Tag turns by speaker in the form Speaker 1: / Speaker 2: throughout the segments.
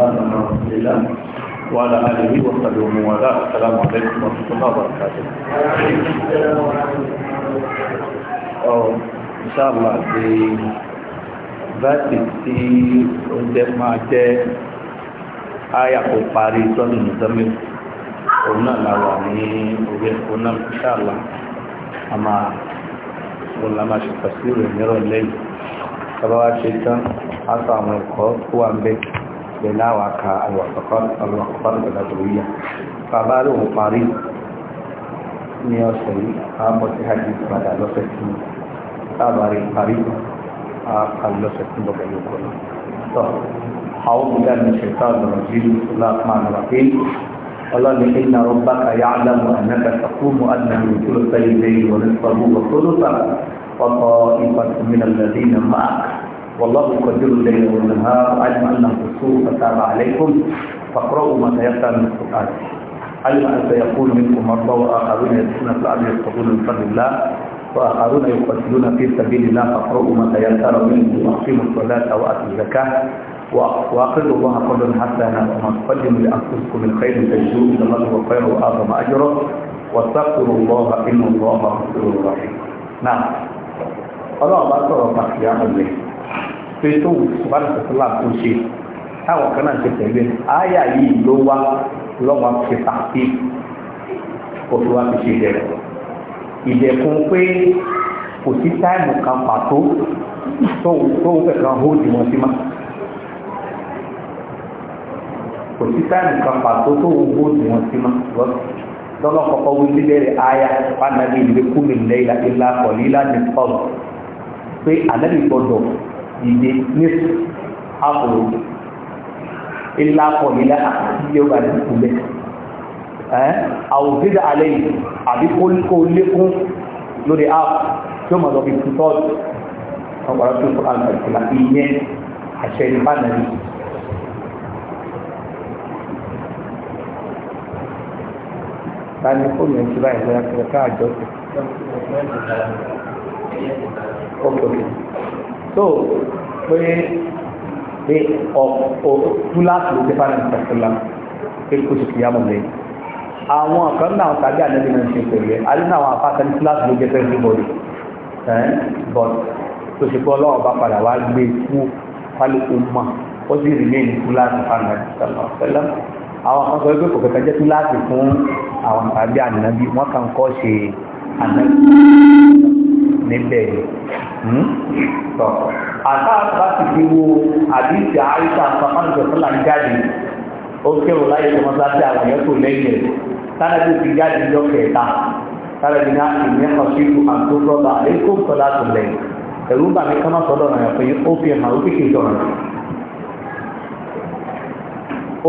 Speaker 1: مولانا رسول الله وعلى آله وصحبه ومن والاه السلام عليكم ورحمة الله وبركاته أو إن شاء الله في باتي في عندما جاء آية قباري صلى الله عليه وسلم òun náà la wà ní orí ẹ̀kọ́ náà ṣáàlà a máa òun la máa ṣe pàṣírí rẹ̀ nírọ̀lẹ́ yìí tàbá wá ṣe tán á sọ àwọn ẹ̀kọ́ tó wà ń bẹ́ẹ̀ pẹ̀lú àwọn aka alwàkọ̀kọ́ ìgbàlódé bàbá lòun parí ní ọ̀sẹ̀ yìí àbọ̀ sí hajj padà lọ́sẹ̀ tí tábàárí parí àkàlọ́sẹ̀ tí bọ̀gẹ̀ yóò kọ́ lọ. أعوذ بالله من الشيطان الرجيم بسم الله الرحمن الرحيم قال إن ربك يعلم أنك تقوم أدنى من ثلثي الليل ونصفه وثلثه وطائفة من الذين معك والله يقدر الليل والنهار علم أنه سوء فتاب عليكم فاقرؤوا ما تيسر من القرآن علم أن سيكون منكم مرضى وآخرون يدخلون في الأرض يبتغون من فضل الله وآخرون يقتلون في سبيل الله فاقرؤوا ما تيسر منه وأقيموا الصلاة وآتوا الزكاة وأقرضوا الله قرضا حسنا وما تقدموا لأنفسكم من خير تجدوه إلى الله خير وأعظم أجره واستغفروا الله إن الله غفور رحيم نعم الله أكبر تحيا الليل pé tó wù bá lọ́sọ̀tọ́lá tó ṣe táwọn kan náà ṣe tẹ̀lé àyà yìí ló wá lọ́wọ́ fi pàṣẹ òfin wa fi ṣe ìdẹ̀kùn ìdẹ̀kùn pé kò sí táìmù kan pàtó tó ń fẹ̀kan hóòdì wọn sí máa kò sí táìmù kan pàtó tó ń bóòdù wọn sí máa lọ́nà kọ́kọ́ wí níbẹ̀rẹ̀ aya pàdánù ìlú kúmi lẹ́yìn ilá kọ̀lí láti pọ̀ pé àlẹ́ ìgbọ́dọ̀ dìde ní àpòrò ilá kọ̀ọ̀lá àti yóò bá ní ìpínlẹ̀ àwòsídà alẹ́ yìí àbí kó lékún lórí app tí ó mọ̀ lọ fi tutọ́ọ̀tù ọgbàrá tó fún alàìsílá ìyẹn àṣẹ ìbánàrí tani fóònù ẹ̀ ti báyìí tó pé pé ọ̀pọ̀ túláàsì ló ti fara ní ìtàkùnlá pé kò sì kìyà mọ̀ lẹ́yìn àwọn kan náà tàbí ànábì náà ṣe pẹ̀lú ẹ̀ alínà àwọn afáàtà ní túláàsì ló jẹ́ fẹ́ sí bọ̀dì but tó ṣe pé ọlọ́wọ́ bá padà wá gbé kú kálukú mọ́ ó sì rí lẹ́yìn túláàsì fara ní ìtàkùnlá àwọn kan sọ pé kò kẹ̀kẹ́ jẹ́ túláàsì fún àwọn tàbí ànábì wọ́n kàn kọ́ ṣe ànábì níbẹ̀ tọ́ hmm? àtàbà ti fi wo àdìsí àìsà pàpàǹtẹ̀ fúnlá ń jáde ó kérò láyé tọmọsáṣẹ́ àwọn èèyàn tó lẹ́yìn ẹ̀ tánàbí ti jáde lọ kẹta tánàbí ní àtìmí ọ̀ṣìlú àtúntọ́ba èkó sọ́dá tó lẹ́yìn ẹ̀rú ń bà mí kọ́nà sọ́dọ̀ ọ̀nà ẹ̀fọ́ yìí ó fi hàn ó fi kéjọ ọ̀nà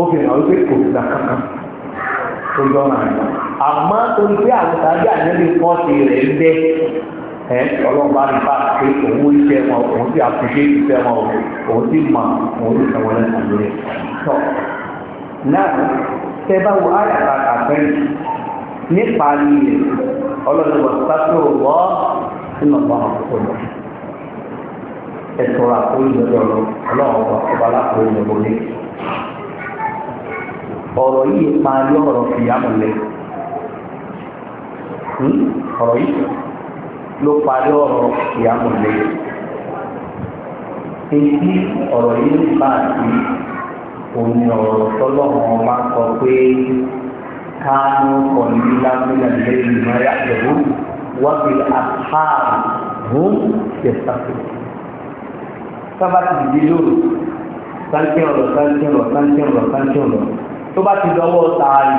Speaker 1: ó fi hàn ó fi kò gbà kankan tó yọ àmọ́ torí pé àwọn tàbí àyẹ̀lẹ̀ pọ́ọ̀tì rẹ̀ ń bẹ́ẹ̀ ẹ ọlọ́run bá bá pé òun ìfẹ́ wọn òun sì àfiṣe ìfẹ́ wọn òun sì mọ òun sì sọ̀rọ̀ lẹ́nu lórí tọ́ náà tẹ bá wo àyàrá àfẹ́rẹ́ nípa ilé ọlọ́run wọ̀ wọ́ sínú ọ̀gbọ́n ọ̀gbọ́n ẹ̀tọ́ra orílẹ̀-èdè ọlọ́run ọba aláàbò ìyẹ̀wò ní. ọ̀rọ̀ yìí máa yọ ọ̀rọ̀ fìyàmù lẹ̀ hmm? ọ̀rọ̀ yìí ló parí ọ̀rọ̀ ìyàmù lẹ́yìn. Èyí ọ̀rọ̀ yìí ń bá àti òun ọ̀rọ̀ tọ́lọ́wọ́n máa sọ pé káánú kọ̀ ní lábúlẹ̀ lẹ́yìn máa yàtọ̀ ó wọ́n fi àtàrà hún yẹ̀sàkó. Sábà ti dìde lóru, sáńtì ọ̀rọ̀ sáńtì ọ̀rọ̀ sáńtì ọ̀rọ̀ sáńtì ọ̀rọ̀ tó bá ti dọwọ́ sáárì,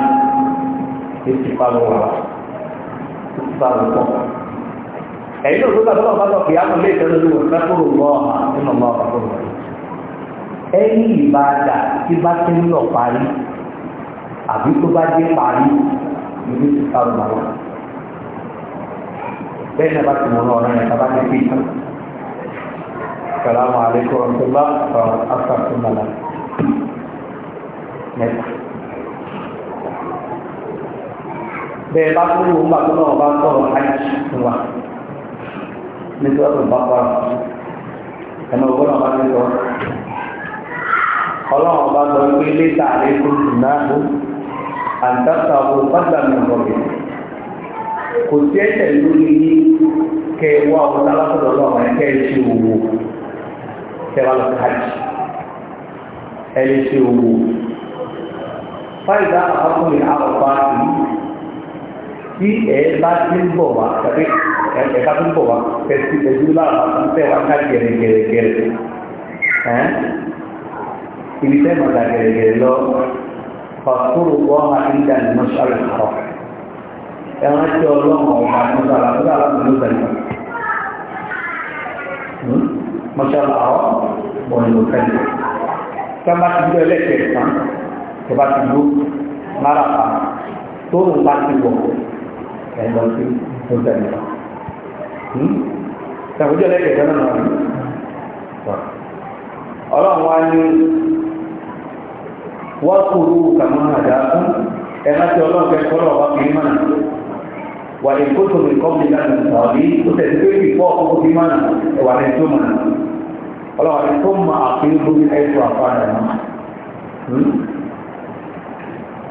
Speaker 1: èsì pariwo wà, èsì pariwo pọ̀ ẹ̀yìn ló gbọ́dọ̀ tọ́lọ̀ bá lọ kìí àmọ́ lé ìtẹ́lẹ̀ ló baca fẹ́kúrò lọ́ọ̀hà nínú ọmọ ọ̀pọ̀lọpọ̀ rẹ̀ ẹ̀yìn ìbáadà tí bá ti ń lọ parí àbí tó bá dé parí ìlú ti ká lọ lọ bẹ́ẹ̀ ni a bá ti mọ̀ ọ́nà rẹ̀ a bá ti fi ìtàn salamu alaikum warahmatullah wabarakatuh mẹ́ta bẹ́ẹ̀ bá tó wù ú bá tó náà bá tọrọ àìsí fún wa ní tí wọ́n tún bá bá ẹnu ọgbọ́n ọba ní sọ ọlọ́run ọba sọ wípé lẹ́tà àlékún náà ló àǹtàkà owó pàtàkì ọ̀gbìn kò sí ẹ̀ṣẹ̀ lórí ní kẹwàá ọ̀tá látọ̀dọ̀ ọlọ́run ẹ̀ kẹ́ ẹ ṣe òwò lọ káàkiri ẹ lè fáìdá àkọ́kùnrin àkọ́kọ́ àti tí ẹ bá ti ń bọ̀ wá tàbí ẹ bá ti ń bọ̀ wá tẹ̀sí ẹ̀dú láàbá fún tẹ́ wá ká gẹ̀rẹ́gẹ̀rẹ́gẹ̀rẹ́ ẹ́n ibi tẹ́ mọ̀ta gẹ̀rẹ́gẹ̀rẹ́ lọ fàkúrò wọ́n máa ń dà ní mọ́ṣálì kọ́ ẹ hmm? wọ́n ti ọlọ́mọ ọ̀gá mọ́ṣálà tó dà láti ló tẹ̀lé mọ́ṣálà ọ̀ mọ̀ ní kan tó bá ti dúró lára pa ẹ̀ lọ sí mọ́tàlífà tàbíjọ́ lẹ́yìn ìjọ náà rí ọlọ́run wá ní wọ́n kúrú kàmú àdá fún ẹ̀rọ tí ọlọ́run fẹ́ kọ́ lọ́wọ́ fi mọ́nà wà ní kótó mi kọ́ mi lánàá sọ̀rí ó tẹ̀sí pé kí pọ́ ọkọ̀ fi mọ́nà ẹ̀wà ní tó mọ̀nà ọlọ́run ní tó mọ àfihàn lórí ẹ̀sùn àfáàdà náà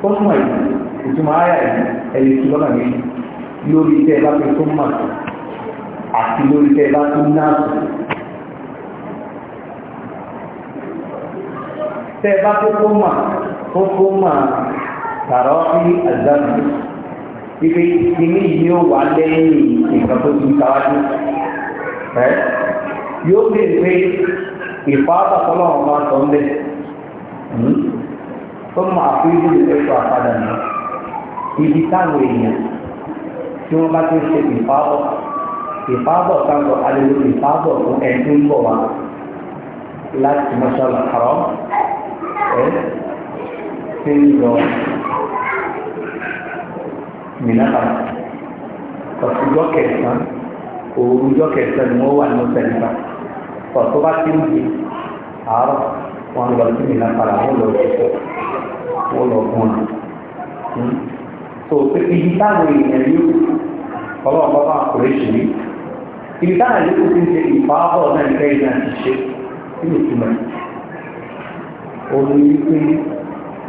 Speaker 1: ó túmọ̀ ìtumọ̀ ayà ẹ̀yìn ẹ̀yìn ìtumọ̀ náà lórí tẹ́ bá fi tún mà àti lórí tẹ́ bá tún náà tẹ́ bá tó tún mà tó tún mà tààrọ́ sí àzáàbù ibi ìsinmi yìí ó wà lẹ́yìn ìgbà tó ti káwájú ẹ́ yóò lè pe ìfáàbà tọ́lọ́wọ́n máa sọ ń bẹ̀ hmm? tó máa fi ìdílé ẹ̀kọ́ àpadà náà ibi táwọn èèyàn tí wọ́n bá ti ṣe ìfábọ̀ ìfábọ̀ sáńgọ̀ alẹ́lú ìfábọ̀ fún ẹ̀sìn bọ̀ wá láti mọ́ṣálà kọ́ ẹ́ tí ń lọ mìíràn ọ̀sùnjọ́ kẹsàn-án òórùnjọ́ kẹsàn-án ni wọ́n wà ní ọ̀sẹ̀ nípa ọ̀tọ́ bá ti ń di àárọ̀ wọn lọ sí mìíràn padà wọ́n lọ sí pọ̀ wọ́n lọ fún wọn tó pé ibi táwọn èèyàn yóò ọlọ́run bá bá àkùrẹ́ ṣe yìí ibi táwọn èèyàn yóò ti ń ṣe ìfàábọ̀ náà ń kẹ́yìn náà ti ṣe kí ló túmọ̀ òun ni pé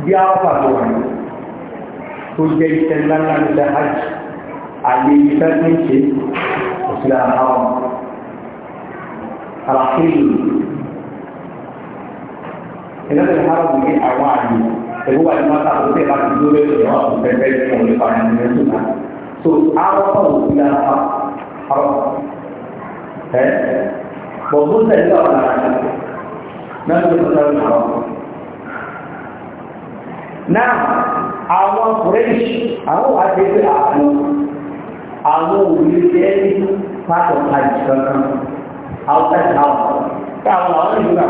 Speaker 1: bí àwọn pàtó wà ní tó jẹ́ iṣẹ́ ńláńlá ní ṣe hajj àyè iṣẹ́ tó ń ṣe òṣìlẹ̀ àwọn àlàkéyìn ìlànà ìhárọ̀ ní àwọn àyè pẹ̀lú àyùmọ́ tá a kò tẹ̀ láti dúró lẹ́yìn ìwọ̀n àwọn pẹ̀pẹ́ ní ọ̀rọ̀ nípa ẹ̀yìn rẹ̀ sùn náà. so àwọn kan ò fi lára àwọn ẹ̀ bọ̀dún tẹ̀lé àwọn ará náà ló ń sọ̀rọ̀ àwọn. náà àwọn fúrẹ́ṣì àwọn wà dé pé àwọn àwọn òrìṣẹ́ ẹni pàtó àjù kankan àwọn tẹ̀lé táwọn àwọn ìlú náà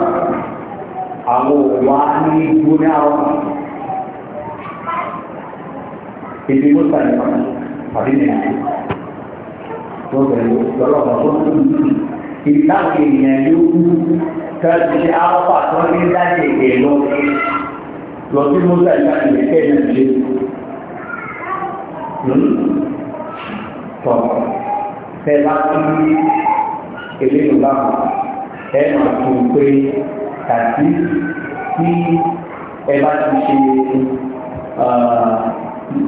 Speaker 1: àwọn òwà ní ìgbóná àwọn èdè ló ta ìpa tàbí nìyí tó bẹ̀rẹ̀ lọ́lọ́pàá tó kú ìdáàkì èèyàn yóò kú tẹ́lẹ̀ ṣe alfa tó ní dáàkì èdè lọ lọ sí mọ́tà ìdáàkì èdè kẹ́yìn ìdílé tọ̀ tẹ́lá tó ní èdè yorùbá ẹ̀ hmm? máa tó pé tàbí tí ẹ bá ti ṣe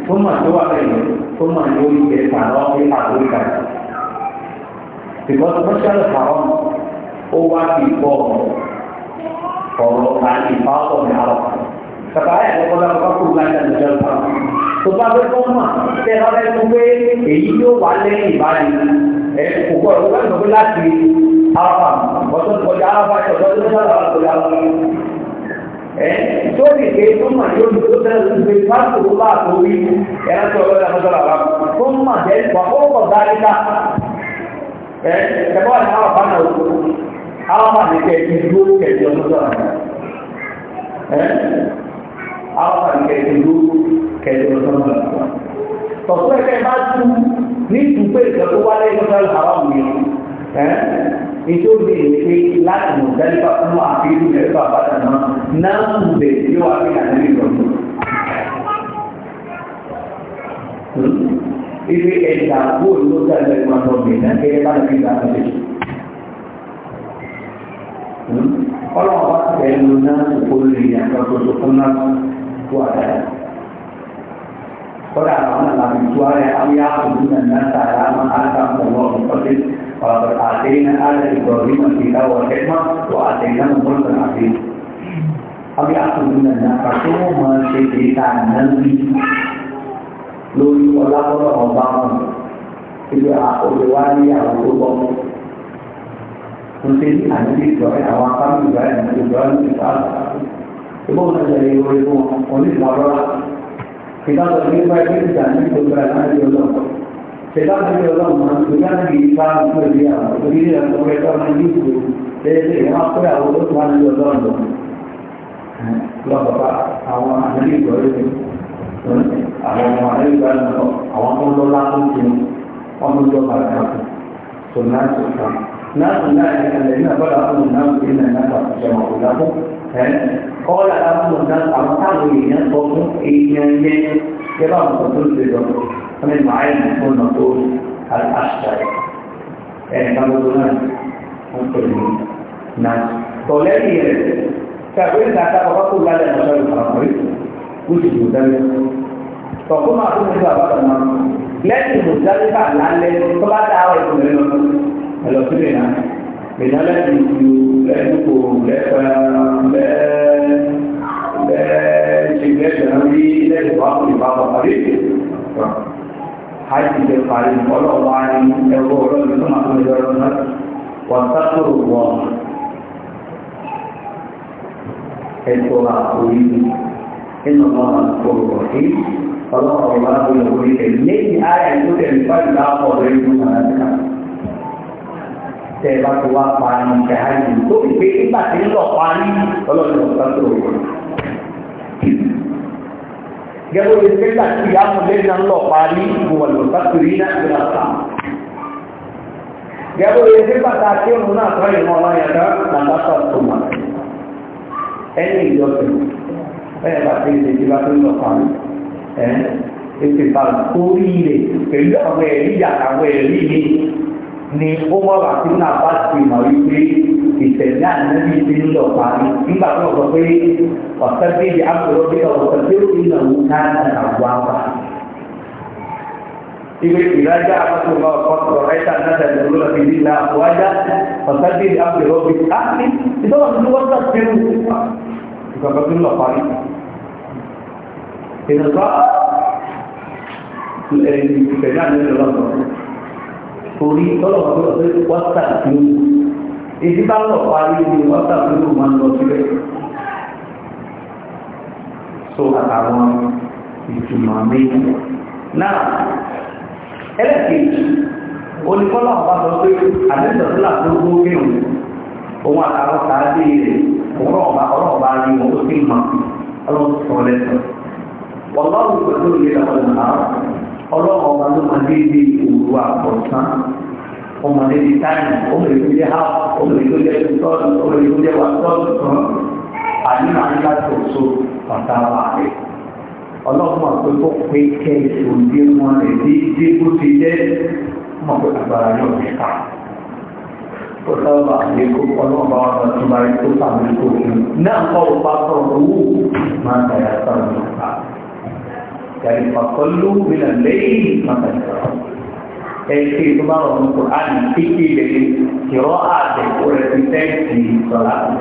Speaker 1: tó mà tó wà lẹ́yìn tó mà lórí ìgbẹ́ pàrọ̀ ní àgbéga because special pàrọ̀ ó wá sí ìfọ̀ ọ̀rọ̀ àti ìfọ̀sọ̀ ní àrọ̀ kàkà ayé àkọ́kọ́ bá kọ́kọ́ kúrò láti àjọyọ̀ pàrọ̀ tó bá fẹ́ tẹ́ ẹ bá fẹ́ pé èyí yóò wá lẹ́yìn ìbáyìí ẹ̀ kò kọ́ ọ̀rọ̀ láti àrọ̀ pàrọ̀ ọ̀tọ̀ kọjá àrọ̀ pàrọ̀ ọ̀tọ̀ Entonces, que son mayores, nosotros pensamos por un lado, y era solo la cosa la vamos. Son mayores, por poco dádica. ¿Eh? Se puede dejar la pana de otro. Ahora más de que el Hindú que Dios nos da. ¿Eh? Ahora más de que el Hindú que Dios nos da. Entonces, ¿qué más tú? Ni tu pecho, tú vale, no sabes, itu diisi lat mudah penuh api itu dari bapak dan mama enam desi api ada di rumah itu edah pun lu dari rumah pembina kira pada kita nanti kalau awak keluna sepuluh yang kau sepuluh kuasa Orang-orang yang habis suara, kami aku dengan nasara, mengatakan Allah berpikir, فقد آتينا آل إبراهيم الكتاب والحكمة وآتيناهم ملكا عظيما أبي أحسن الناس ما شئت عن نبي lórí ọlá tọ́lọ̀ ọba wọn ibi àkọsíwá ní àwọn tó bọ́ mo ṣe ní àdúgbò ìjọba àwọn akáwé ìjọba ìjọba ìjọba ìjọba ìbò wọn ṣe lè wọlé wọn oníṣòwò ọlọ́lá ìdájọ́ ní bá ẹgbẹ́ ìjà ní gbogbo ẹ̀ láti ọlọ́run. Sedang kita orang dengan kita berbeda, berbeda dengan mereka orang itu, jadi yang apa dah orang tuan itu orang tu. Kalau bapa awak ada di bawah itu, awak mana di bawah itu, awak pun dolar pun sini, awak pun dolar pun. Sunnah sunnah. Nah sunnah yang ada ini apa dah orang sunnah ini nak apa macam aku dah pun. Kalau orang sunnah awak tahu ini, kau pun ini ni, kita pun betul betul. من معين يكون مطول الأشتر يعني كما قلنا ممكن نعم طولاتي كابين تعتبر بطل لا لنشر الفرامري وش المدرس فقوم أقول لك بطل ما لكن المدرس على اللي طبعا تعالى يكون لنا لو كلنا من هذا الفيديو لا يكون لا فهم لا لا شيء لا شيء لا شيء لا شيء لا شيء hajji ṣe parí ọlọ́wà ní ẹgbẹ́ ọlọ́run tó máa tó lè ọlọ́run náà wọ́n sákòrò wọ́n ẹ̀tọ́ àkórí nínú ọmọ àkórí ọ̀hí ọlọ́run ọba tó lè orí ẹ̀ lẹ́yìn ara ẹ̀ tó tẹ̀lé pàdé láàpọ̀ lórí ìlú nàìjíríà tẹ bá tó wá parí ìṣẹ́ hajji tó fi pé nígbà tí ń lọ parí ọlọ́run ọba gẹ́gẹ́ bí nígbà tí ìyá mú lẹ́yìn náà lọ parí ìwọ̀n lọ sákìrì náà ti rà sá. gẹ́gẹ́ bí nígbà tá a ké òun náà tọ́ ìwọ̀n ọ̀la yẹn náà nàbà sọ tòmà ẹni ìjọsìn bẹ́ẹ̀ bá ti lè ti bá ti lọ ni ó wá wà sí náà bá ti mọ̀ wípé ìtẹ̀lẹ́ ànábì ti ń lọ parí nígbà tó sọ pé ọ̀sẹ̀ bíi àbúrò bí ọ̀sẹ̀ tí ó ń lọ wù ká náà wà wá. Ibi ìrajà àbátò bá ọkọ̀ sọ̀rọ̀ ẹ̀ta náà tẹ̀lé lọ́la fi nílá wájá ọ̀sẹ̀ bíi àbúrò bí á ní ìdọ́wọ́ tó wọ́n sọ̀ sí ìkọ̀kọ̀ lọ parí. Ìdọ̀tọ́ ìtẹ̀lẹ́ ànábì lọ́sọ̀rọ̀. orí tọ́lọ̀mọ́ tó lọ sí whatsapp tí ó ìdí bá lọ parí ní whatsapp tí ó máa ń lọ so àtàwọn ìtumọ̀ méjì náà ẹlẹ́kẹ̀ẹ́jì oníkọ́lọ̀ ọ̀pá sọ pé àdéhùnsọ̀tìlà tó gbó kéwòn òun àtàwọn sàádé rẹ̀ ọlọ́ọ̀bá ọlọ́ọ̀bá rí wọn ó sì mọ̀ ọlọ́ọ̀sọ̀rọ̀ lẹ́sọ̀ wọ́n lọ́rùn pẹ̀lú ìlera ọlọ́run ọba ló máa dédé òru àpọ̀tán ọmọ níbi táyì ọmọ èyí tó jẹ́ ha ọmọ èyí tó jẹ́ tọ́lù ọmọ èyí tó jẹ́ wà tọ́lù kan àdínà nígbà tó so bàtà wà rẹ̀ ọlọ́run máa pé kó pé kẹ́ ìṣòdì wọn rẹ̀ dédé bó ti jẹ́ mọ̀ pé agbára yóò fi kà ó sábà àlékò ọlọ́run bá wà lọ tó tó sàmì kò fún un náà kọ́ ò bá owó máa ń tàyà sọ̀rọ̀ nípa. يعني فصلوا من الليل مثلا ẹ̀kẹ́ tó bá rọ̀ ní kòránì kíkì lè kìrọ́ àti òrẹ̀ ti tẹ́ẹ̀tì sọ̀rọ̀ àti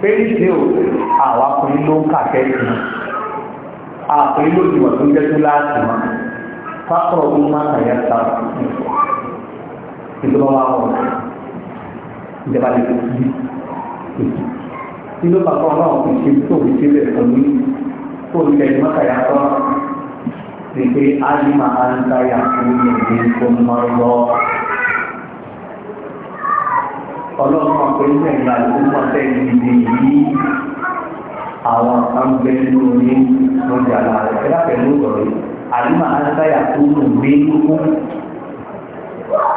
Speaker 1: pẹ́lú àwọn akùnrin ló ń kàkẹ́ sí àkùnrin ló ti wà tó jẹ́ tó láti wọn fákọ̀rọ̀ ń má kàyà ta ìjọba wa wọ̀ ìjọba lè fi ìjọba kan náà kò ṣe tó fi sílẹ̀ pẹ̀lú kó o tẹ̀lé mọ́kàyà tọ́ pèpè alima alágbáyà fún ìdí tó mọ́ lọ. ọlọ́run ọ̀pẹ́ ní ẹ̀yìn àlùkò tẹ̀lé ìdí yìí àwọn kan bẹ nínú ní lọ́jà láàrẹ̀ ẹ̀dá pẹ̀lú ọ̀rọ̀ yìí alima alágbáyà fún ìdí tó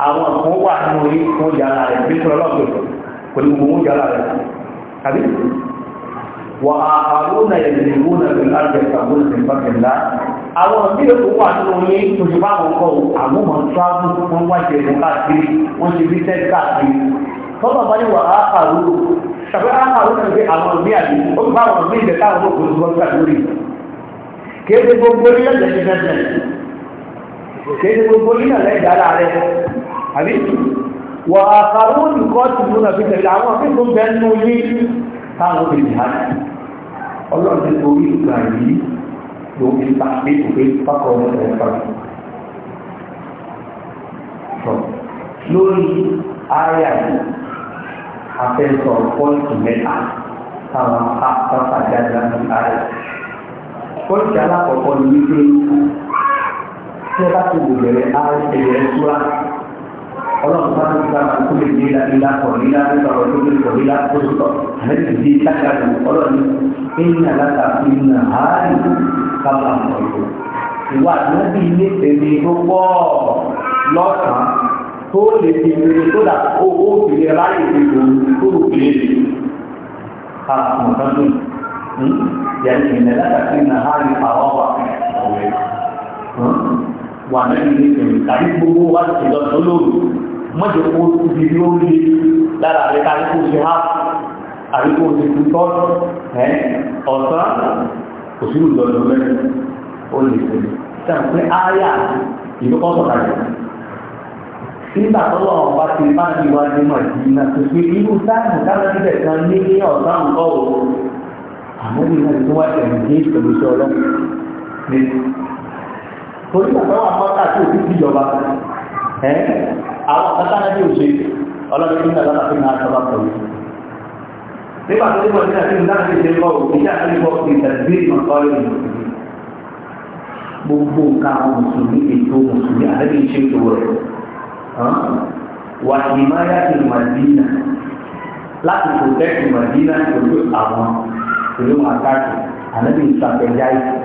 Speaker 1: àwọn kan wà nínú ní lọ́jà láàrẹ̀ pẹ̀lú ọlọ́pẹ̀ pẹ̀lú owó rẹ̀ tàbí وآخرون يجربون في الأرض يبتغون من فضل الله àwọn ìbílẹ̀ tó wà nínú ní òṣìbá àkọ́kọ́ àwọn ọmọ tíwájú wọn wá jẹ ẹ̀kọ́ káàkiri wọ́n ti rí tẹ́lẹ̀ káàkiri tọ́lọ̀ bá ní wà áàkàrú ṣàfẹ́ áàkàrú náà pé àwọn ọ̀gbìn àbí ó bá àwọn ọ̀gbìn ìbẹ̀ káàkiri ó kòrò lọ́gbà lórí kéde gbogbo nílẹ̀ lẹ́yìn lẹ́sẹ̀ kéde gbogbo nílẹ̀ lẹ́yìn dára rẹ̀ àbí wà áàkàrú nìkan ti múnà fi tẹ̀lé táwọn obìnrin ha ní ọlọ́run ti torí ìgbà yìí ló fi ta pé òfin pápọ̀ ọmọ ẹ̀ pàdé lórí àyà yìí afẹ́sọ̀ pọ́ǹtì mẹ́ta táwọn àpapàjáde ní àyà pọ́ǹtì alákọ̀ọ́kọ́ ni wípé tí ẹ bá ti wò bẹ̀rẹ̀ àyà ẹ̀yẹ ọlọ́run bá ti gba àwọn kúlẹ̀ ní ilá ilá kọ̀ nílá nípa ọ̀rọ̀ tó kọ̀ nílá tó sọ̀ àlejò bíi lágbàdo ọlọ́run ẹ̀yìn alága fi nà áàlì kábà ọ̀rọ̀ ìwà àdúgbò ilé tẹ̀lé tó pọ̀ lọ́sàn-án tó lè fi lè tó dà ó ó fi lè ráyè fi lò tó lò fi lè lè ká mọ̀tán tó yàrá ìrìnà alága fi nà áàlì àwọn wà wà náà tàbí gbogbo wà lọ́sọ̀ọ́ lóru mọ́jọ kó ibi tí ó lè lára rẹ̀ ká kó ṣe há àbí kó ṣe tó tọ́ ẹ́ ọ̀sán kò sí ìlọ́dọ̀ lẹ́nu ó lè ṣe sẹ́wọ̀n pé áyà ìlú kan sọ̀rọ̀ àjẹ́ nígbà tó lọ́wọ́ bá ti bá ti wá ní màdínà tó fi irú táàmù táwọn ibẹ̀ kan ní ní ọ̀sán nǹkan o àmọ́ torí àtọ́wọ́ àpọ́tà tó ti ìjọba ẹ́ àwọn àtàkà ní òṣè ọlọ́dún ní ìtàlá àti náà sọ́lá pọ̀ yìí nígbà tó dé bọ̀dé àti ìlànà ti ṣe bọ̀ ìjà àti bọ̀ ìtàgbé ìmọ̀kọ́lẹ̀ ìmọ̀kọ́lẹ̀ gbogbo nǹkan àwọn mùsùlùmí ètò mùsùlùmí àlẹ́bí ṣe tó rẹ̀ wà ní máyà ti màdínà láti kò tẹ́kì màdínà pẹ̀lú àwọn pẹ̀lú àkáàkì àlẹ́bí ìṣàpẹ̀já yìí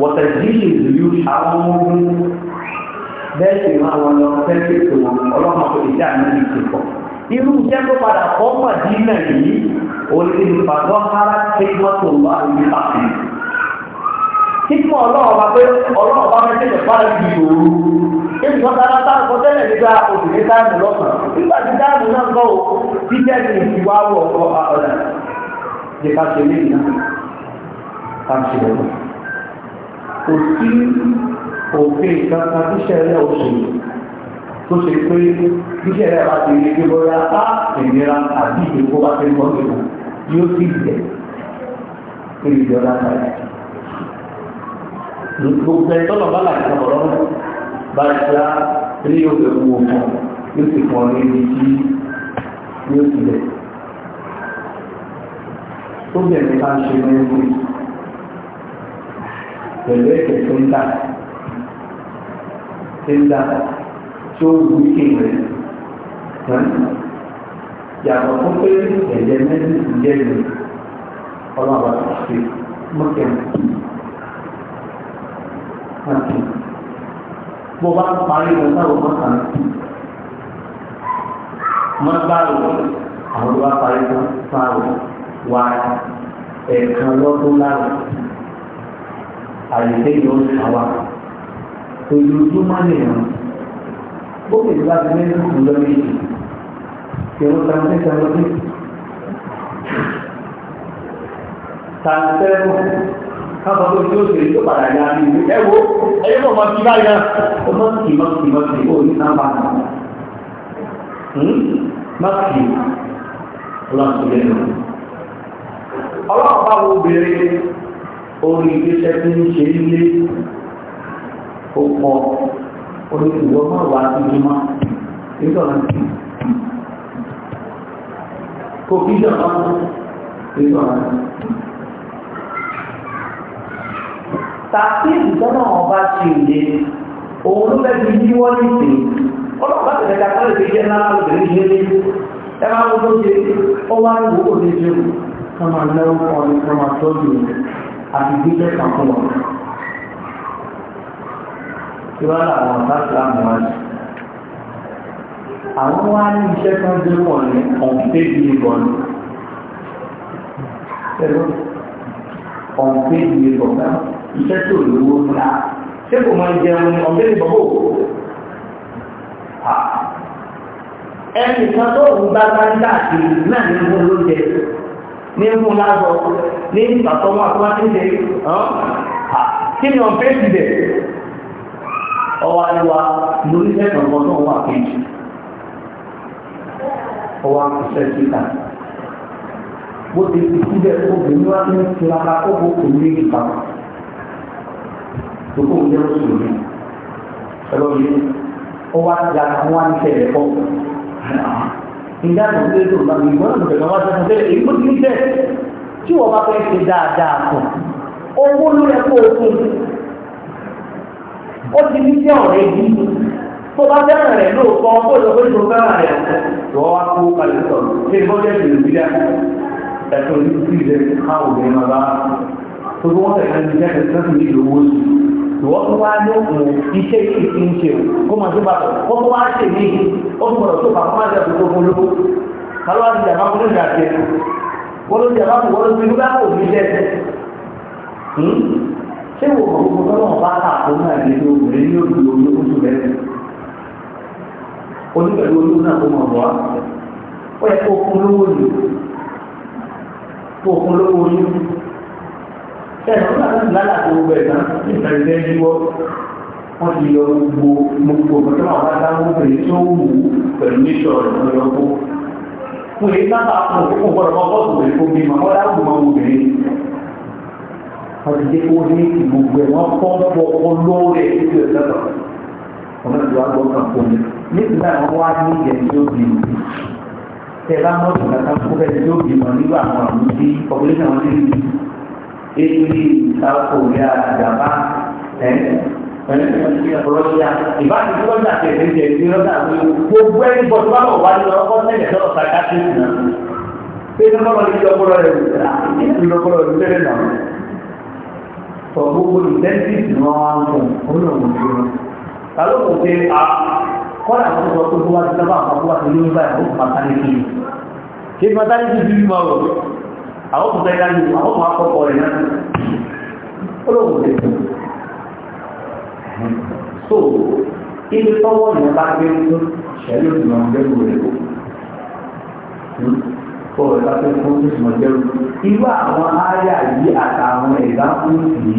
Speaker 1: wọ́tẹ̀ jíìlì ìlú àwọn bẹ́ẹ̀ sì máa wọn lọ fẹ́ sí ètò wọn ọlọ́mọ kò lè dá ní ìṣe pọ̀ irú iṣẹ́ tó padà kọ́ mọ̀dínà yìí olùdíjìpàgọ́ ara ṣe mọ́tò wà ní àfihàn kíkún ọlọ́ọ̀bá pé ọlọ́ọ̀bá mẹ́tẹ̀ẹ̀tẹ̀ fáwọn ibi òru ebi wọn tara tá nǹkan tẹ́lẹ̀ nígbà obìnrin táàmù lọ́sàn-án nígbà tí táàmù náà ń bọ̀ òfin ìkàkà tíṣẹ́ rẹ̀ oṣù tó ṣe pé tíṣẹ́ rẹ̀ bá ti rí pé bóyá á ìnira àbí ìdókòó bá ti mọ́ ìlú yóò sì jẹ́ pé ìjọba kàlẹ́. gbogbo ẹ̀ tọ́lọ̀ bá làjọ ọ̀rọ̀ bá ṣá ilé yóò fẹ́ wù ọmọ yóò sì pọ̀ ní ibi tí yóò sì lẹ̀. tó bẹ̀rẹ̀ ká ṣe mẹ́rin pẹ̀lú ẹ̀kẹ́ tó ń dà tẹ́lá tí ó wù kéwẹ̀ yàtọ̀ fún pé ẹ̀jẹ̀ mẹ́sìsì jẹ́ mi ọlọ́wà ṣe mọ́kẹ́ mọ́kẹ́ bó bá ń parí lọ sáwọn mọ́kà mọ́ bá rò àwọn bá parí lọ sáwọn wà ẹ̀ẹ̀kan ojoojúmọ́ nìyẹn ó lè gba ìdílé ní ìlú méjì kìló tàǹtẹ́ tàǹtẹ́ tàǹtẹ́ káfọ́ tó tí ó ṣe tó padà yá ní ìlú ẹ wo ẹyẹ náà máa ti báyà ó máa ń kì máa ń kì máa ń kì ó ní sábà náà máa hmm? kì ọlọ́run lẹ́nu ọlọ́run wo obìnrin orin ìgbésẹ̀ tí ń ṣe nílé ó kọ́ olùdíwọ́ máa wà níbi mọ́ nítorí kò fi jọ máa nítorí. tàbí ìtọ́nà ọba ṣe ìdè òun ló fẹ́ fi yíwọ́ ní ìsìn ọlọ́pàá tẹ̀lé ká sáré fi jẹ́ náà lóbìnrin ṣe ní ẹ máa mú tó ṣe ó wá ní ìwúkò ní ṣe kí wọ́n máa lẹ́wọ́ kọ́ ní kí wọ́n máa tọ́jú tí wọ́n là wọn bá sílá mọ́ wọn. àwọn wá ní iṣẹ́ kan dé wọ̀n ní ọ̀npéjì ìbọn ní. ọ̀npéjì ìbọn náà iṣẹ́ tó lówó ńlá ṣé kò máa jẹun ní ọ̀npéjì ìbọn bò. ẹnì kan tó ń bá bá ń dà sí náà ní ìbọn ló jẹ ní ìbọn lásọ ní ìtàtọ́wọ́ àtúwájú jẹ kí ni ọ̀npéjì bẹ̀ ọwọ́ àríwá lórí mẹ́rin ọmọ náà wà kejì ọwọ́ àkùsẹ́ síta bó ti fi síbẹ̀ obìnrin wá ní tiraka ó bó kò ní ìgbà tó kó jẹ́ oṣù mi ẹ̀rọ mi ọwọ́ àtìlára wọn wá ní sẹ́yẹ̀ kọ́ ìdá àwọn ilé tó bá mi ìwọ́n náà bẹ̀rẹ̀ wá sọ́kùn tẹ́lẹ̀ èyí tó ti ń tẹ̀ tí wọ́n bá fẹ́ ṣe dáadáa fún owó ló yẹ kó o fún un ó ti ní sí ọ̀rẹ́ yìí tó bá fẹ́ràn rẹ̀ lóòótọ́ ó lọ pé tó ṣé wò ó gbogbo tó náà bá àpò náà lè fi obìnrin ní òbí omi oṣù lẹ́nu onípẹ̀lú olú náà tó mọ̀ wá ó yẹ kó fún lówó yìí kó fún lówó yìí ẹ̀rọ náà ti lálà tó gbogbo ẹ̀sán ní ìfẹ̀lẹ́ yíwọ́ wọ́n ti yọ gbogbo gbogbo tó náà bá dáwọ́ pẹ̀lú tó wù pẹ̀lú níṣọ̀ rẹ̀ lọ́wọ́ fún èyí sábà fún òkú gbọ́dọ̀ bọ́ọ̀sù wọ́n ti dé kó ní gbogbo ẹ̀ wọ́n kọ́ bọ́ olóore ìlú ẹ̀ lọ́dọ̀ ọmọ ìlú àgbọ̀ kan fún mi nígbà wọn wá ní ìyẹn tí ó bí mi tẹ bá mọ́ ìgbà kan fún bẹ́ẹ̀ tí ó bí mọ́ nígbà àwọn àmì tí population wọn ti rí èyí South Korea Japan ẹ̀ rọ́ṣíà ìbáàdì tí rọ́ṣíà tẹ̀lé jẹ́ ìdí rọ́ṣíà tó gbogbo ẹni bọ̀ tó bá bọ̀ wá ní ọkọ̀ sẹ́yìn tó ọ̀sán ká sí ìdùnnà pé ní ọmọ ìjọpọ̀lọ́ rẹ̀ ìdílé ìjọpọ̀lọ́ sọ gbogbo ìtẹ́sìtì wọn wá ń sùn òun náà mọ̀ sí wọn. ta ló kò ṣe a kọ́lá tó sọ pé wọ́n ti sábà àwọn wọ́n ti ní nígbà ìwọ́n kò máa sáré kiri. ṣé máa sáré kiri bí máa wọ̀ àwọn kò fẹ́ dájú àwọn kò akọ́kọ́ rẹ̀ náà. ó ló kò ṣe sùn. so ilé tọ́wọ́ ìyẹn bá gbé ń sẹ́yìn òṣùwọ̀n gbẹ́gbẹ́ rẹ̀ kó o lọ pé fún ìmọ̀ jẹ́rù irú àwọn ááyà yìí àtàwọn ẹ̀dá fún ìlú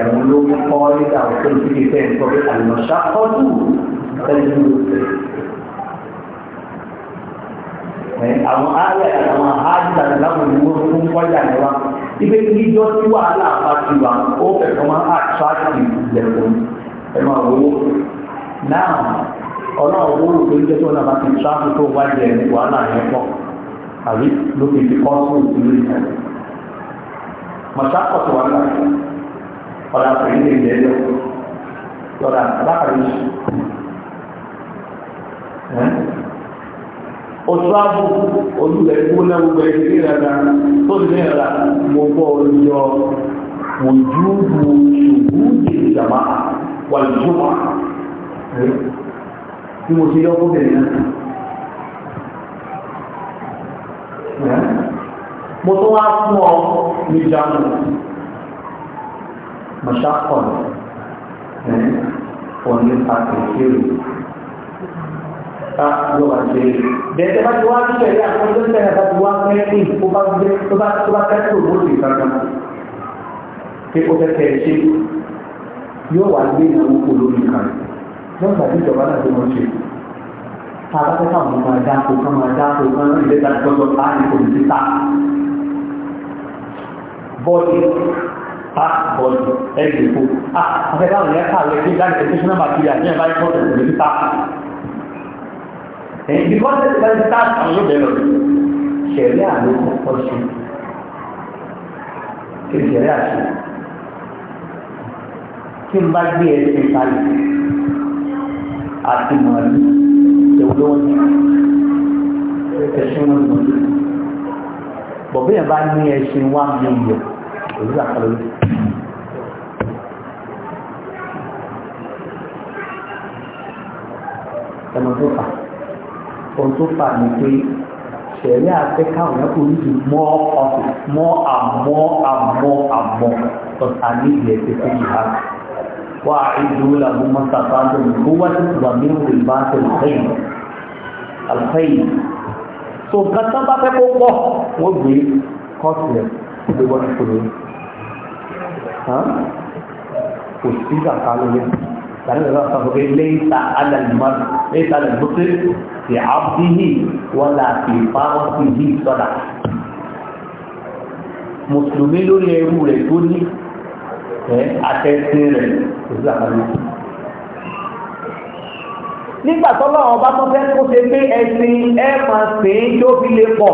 Speaker 1: ẹ̀wọ̀n ló ń kọ́ nígbà òfin tí kìí fẹ́ sọ pé àlùmọ̀ṣá kọ́tù tẹ́lẹ̀ àwọn ááyà àwọn ááyà àtàwọn ìlú fún kọ́jà ni wa ibi níjọ́ tí wàhálà bá ti wà ó fẹ̀kọ́ máa àtúrákì lẹ́kọ̀ọ́ ẹ̀ máa wọ́n náà ọlọ́run wọ́n rò pé jẹ́ tí wọ́n náà bá ti tíráfù tó wájẹ wàhálà yẹn pọ̀ àbí ló fi fi kọ́ sí ìlú ìtàn mọ̀sákọ̀tù wà láti ọ̀la pẹ̀lú ilé ẹ̀yọ lọ́la àbákàrí oṣù ààbò olùdẹ̀ gbóná gbogbo ẹgbẹ́ ìrẹ̀lá tó ní ìrẹ̀lá gbogbo olùyọ ojú ṣùgbú ìjàmá wà lójúmọ́ tí mo ti yọ fún bẹ̀rẹ̀ náà mo tún wá fún ọ ní jamu mọ̀ṣákọ̀ òní pàtàkì rẹ̀ yóò wá ṣe bẹ̀rẹ̀ bá ti wá ní ẹ̀rí àwọn tó tẹ̀lé bá ti wá mẹ́rin tó bá gbé tó bá tó bá tẹ́lẹ̀ òwò sí kankan pé ó fẹ́ tẹ̀lé ṣe yóò wá gbé ìnáwó olórí kan yóò tí ìjọba náà tó wọ́n ṣe tá a máa dáko káwọn máa dáko káwọn ìlẹ́ta tó ní kò body ah body ẹ̀rì ìpò àfẹ́fẹ́ àwọn ìyá kààrẹ̀ tí láti educational material ní ẹ̀bá ìpọ̀ tẹ̀sí lórí past ẹ̀yìn bí wọ́n tẹ̀sí lórí past àwọn yóò bẹ̀rẹ̀ ṣẹ̀rí àlọ́ kọ̀ọ̀kọ́ ṣe kí ṣẹ̀rí àṣẹ tí n bá gbé ẹsẹ̀ kalẹ̀ àti màálù ìṣèwọ́n wọn ẹ̀ṣin wọn lọ́dún bọ̀bí ẹ̀ bá ní ẹ̀ṣin wá mílíọ̀nù èyí làkàlẹ́ yìí. ẹnu tó fà ohun tó fà ní pé sẹ̀rí àti káwọn yẹn kò yíjú mọ́ ọ̀sẹ̀ mọ́ àmọ́ àmọ́ àmọ́ ọ̀sà ní ilẹ̀ ti fún ìhà wà ìlú làwọn mọ́sàtà tó ń kó wá sí ìwà mímú ìbá tó ń fẹ́yìn àlùfẹ́yìn tó nǹkan tán bá fẹ́ kó pọ̀ wọ́n gbé kọ́ọ̀tù rẹ̀ gbé wọ́n ti kúrò yìí kò sí zaka lórí tàbí ìlú ọ̀sán fún pé lẹ́yìnta alàlùmọ́rù lẹ́yìnta alàlùmọ́sí ti àbíhì wọ́n là ti fáwọn sí ìdí ìsọ́dà mùsùlùmí lórí ẹrú rẹ̀ tó ní àtẹ̀sìn rẹ̀ kò sí zaka lórí nígbà tọ́lọ́wọ́n bá tó fẹ́ kó ṣe pé ẹ̀sìn ẹ̀ máa sìn tó fi lè pọ̀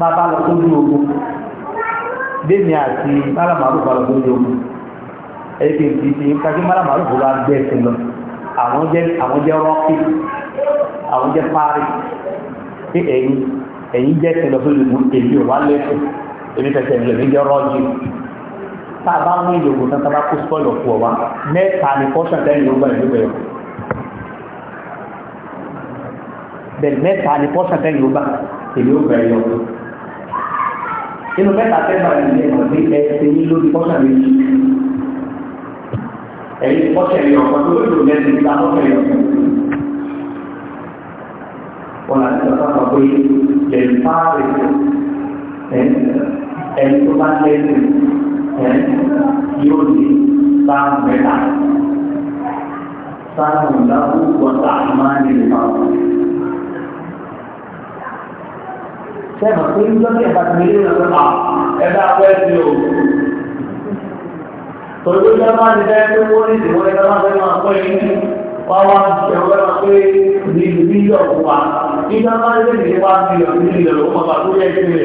Speaker 1: bàbá lọ sójú ogun bẹ́ẹ̀ni àti málàmárù bá lọ lórí ogun ẹ̀yẹ́ kí n ti ṣe kájí málàmárù bá gbẹ́ ẹ̀sìn lọ àwọn jẹ́ àwọn jẹ́ rọ́ọ̀kì àwọn jẹ́ párí pé ẹ̀yìn ẹ̀yìn jẹ́ ẹ̀sìn lọ sórí ogun èyí ò wá lẹ́sìn èmi tẹ̀sẹ̀ ń lọ èmi jẹ́ rọ́ọ̀jì tá a bá ń rìn ogun tán bá kó spoil of war mẹ́ta ni portion tẹ́lẹ̀ ló gbà ìlú bẹ̀rẹ̀ bẹ́ẹ̀ mẹ́ta ni portion tẹ́lẹ̀ ló gbà èmi ó yọ nínú mẹ́ta tẹ́lá ìlú ẹ̀mọ̀ ní ẹsẹ̀ yín lórí pọ́ṣà méjì ẹ̀yìn pọ́ṣà ẹ̀yìn ọ̀pọ̀ tó lórí òun ẹ̀sìn níta pọ́ṣà ẹ̀yìn ọ̀pọ̀ wọn láti sọ fún ọ pé lè fá rè tó bá lẹ́sìn yóò di sáà mẹ́ta sáà mọ̀ láwùjọ sáà máa ń lè máa
Speaker 2: sẹ́mà pé ń lọ́sẹ̀ ìbátanilé rẹ̀ lọ́pàá ẹ̀dá
Speaker 1: pẹ́ sí o. Tòlú jẹ́ máa ń jẹ́ pé wọ́n ní ìdìbò ẹ̀dá máa fẹ́ máa pẹ́ yìí. Wọ́n wá ìṣẹ̀wọ́ máa pé ní ìlú bílíọ̀nù wa. Ìjọba máa ń lé ní wá bílíọ̀nù ní ìlú ọ̀pọ̀ bàbá tó yẹ kí lè.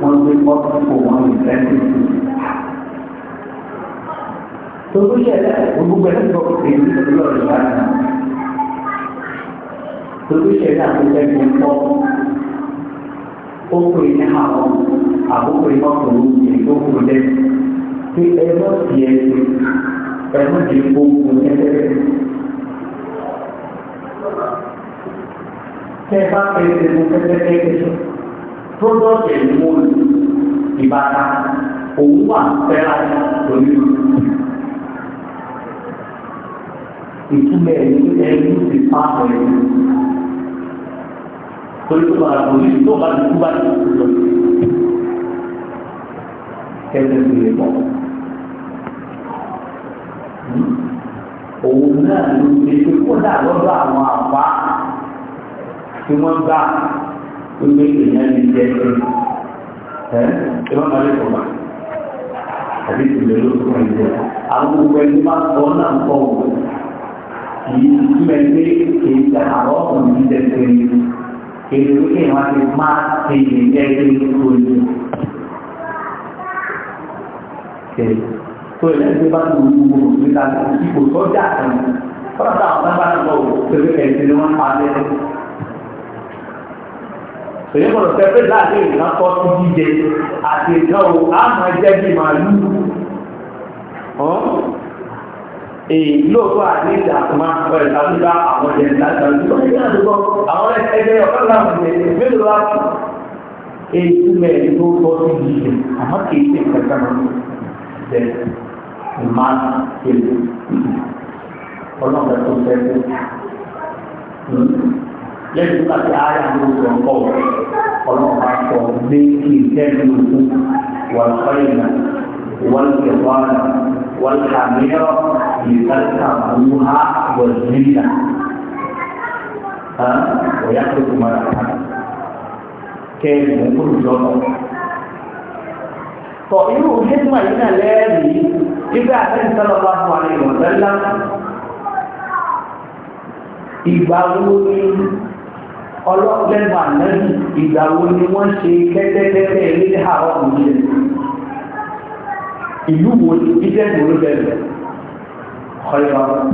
Speaker 1: Wọ́n gbé pọ́ọ̀tù fún wọn ní ìfẹ́ǹtì. Tòlú jẹ́ gbogbo ẹ̀ Tòlú ṣẹ̀dá tó fẹ́ fi ń pọ́ ó pè ní àwọn àkókò ìmọ̀kùnrin ètò òkú jẹ́ pé ẹgbẹ́ ti ẹ̀sìn ẹgbẹ́ ti gbogbo ẹgbẹ́. Tẹ́ ẹ bá fẹ́ ṣe mo fẹ́fẹ́ kẹ́kẹ́ tó lọ́ọ̀tẹ̀ ní mo ìbára òun wà fẹ́ra lórí ìtumẹ̀ ẹ̀yìn ẹ̀yìn ti pa ẹ̀yìn torí tó bàrà kò ní tó bá ti kú bá ti kú lọ. kẹ́lẹ́ ti lè mọ̀. òun náà ló ti fi kódà lọ́dọ̀ àwọn àpá tí wọ́n gbà wípé èèyàn lè jẹ́ ẹ́ ẹ má máa lè kọ̀ bá àbí ìpìlẹ̀ ló tó ń jẹ àwọn gbogbo ẹni máa ń sọ náà ń kọ́ òun kì í túmẹ̀ pé kì í ṣe àwọn ọ̀sán ní ìdẹ́sẹ̀ yìí èyí ló kéèyàn wá lè má èyí ẹgbẹ́ ìlú òní. tó ilẹ̀ tó bá lù ú gbogbo níta ipò tó dà kan fọ́nà táwọn náà bá lọ pẹ̀lú ẹ̀sìn ni wọ́n pa lẹ́nu. èyí gbọ́dọ̀ fẹ́ pé láàrin ìlànà tó ti jíjẹ àti ìdánwò àmọ́ ẹjẹ́ bíi màálù lóòótọ́ àdéhùn àtúmá ọ̀rẹ́ tàbílá àwọn ẹ̀jẹ̀ látàlú àwọn ẹgbẹ́ ọ̀kan láwọn ẹ̀jẹ̀ mélòó wá sí èyí mẹ́rin tó tọ́ sí ìṣe àmọ́ kìí ṣe kankan mọ́ ẹ̀ máa ṣẹlẹ̀ ọlọ́run tó ṣẹlẹ̀ lẹ́yìn sọ gbé kí n tẹ́lẹ̀ lóko wà lọ́yìn náà wọ́n ti wá wọ́n ti àmì ẹ̀rọ. لتركبوها والزينة ويخلق ما يحب كيف يكون جوابا فإنه الحكمة هنا لابي إذا أتى صلى الله عليه وسلم ìgbàwo ni ọlọ́pẹ́nu àná ìgbàwo ni wọ́n ṣe kẹ́tẹ́kẹ́tẹ́ ilé àwọn òṣèlú ìlú wo ìjẹ́bù ló bẹ̀rẹ̀ خيرا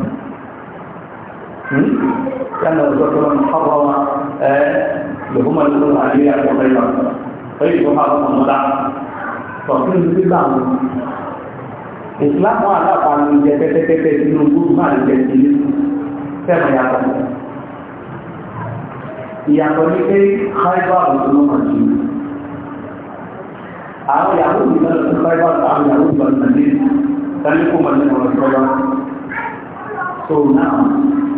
Speaker 1: كان ذكرا محرما لهما يقول عليه خيرا طيب محرم ولا فكل في بعض Islam wà lápàánù jẹ pẹ́pẹ́pẹ́pẹ́ sínú gúrù máa jẹ sí fẹ́mọ̀ yàtọ̀. Ìyàtọ̀ ní pé Khaibá òṣèlú máa jù. Àwọn ìyàwó ìgbàlẹ̀ Khaibá àwọn ìyàwó ìgbàlẹ̀ Nàìjíríà, Tàníkù Màlẹ́ ọ̀rọ̀ ìjọba. So now,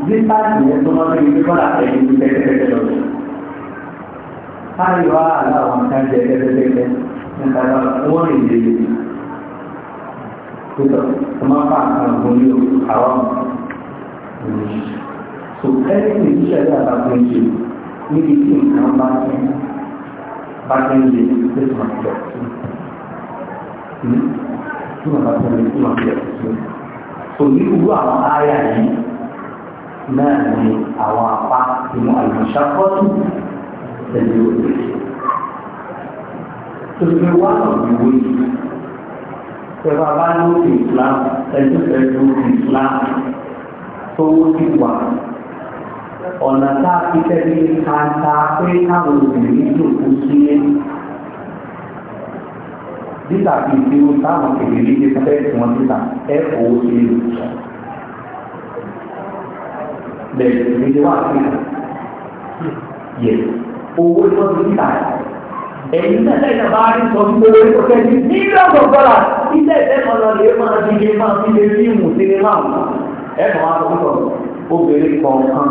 Speaker 1: this part is so much people are trying to take it away. How you are allowed to take it away? And I don't want to do it. some of us are going to harm. So everything you said about going we need to come back in. Back in the, this one. Hmm? Two of us are going to come back in torí irú àwọn àyà yìí náà ni àwọn apá ìmọ̀ àlùmọ̀ṣàkọ́tù tẹ̀lé òde. Tòṣe wà lọ́dún wo yìí? Tẹ̀wá bá lóde Islam, ẹjọ́ ẹjọ́ Islam tó ti wà. Ọ̀nà tá a fi tẹ́lẹ̀ ká ta pé káwọn obìnrin yòókù sílé títà fi ìṣirò táwọn kèbèrè ní fẹ́ tí wọ́n títà ẹ̀kọ́ ṣe lò. bẹ́ẹ̀ ìṣèjọba àti yẹ owó tí wọ́n ti títà ẹ̀yìn tẹ́lẹ̀ náà bá rí sọ wípé owó tó tẹ́lẹ̀ mílíọ̀nù dọ́là iṣẹ́ ìtẹ́kọ̀ọ́ lọ lè máa fi lè máa fi lè rí ìmùsílẹ̀ máa wù obìnrin kọ̀ọ̀kan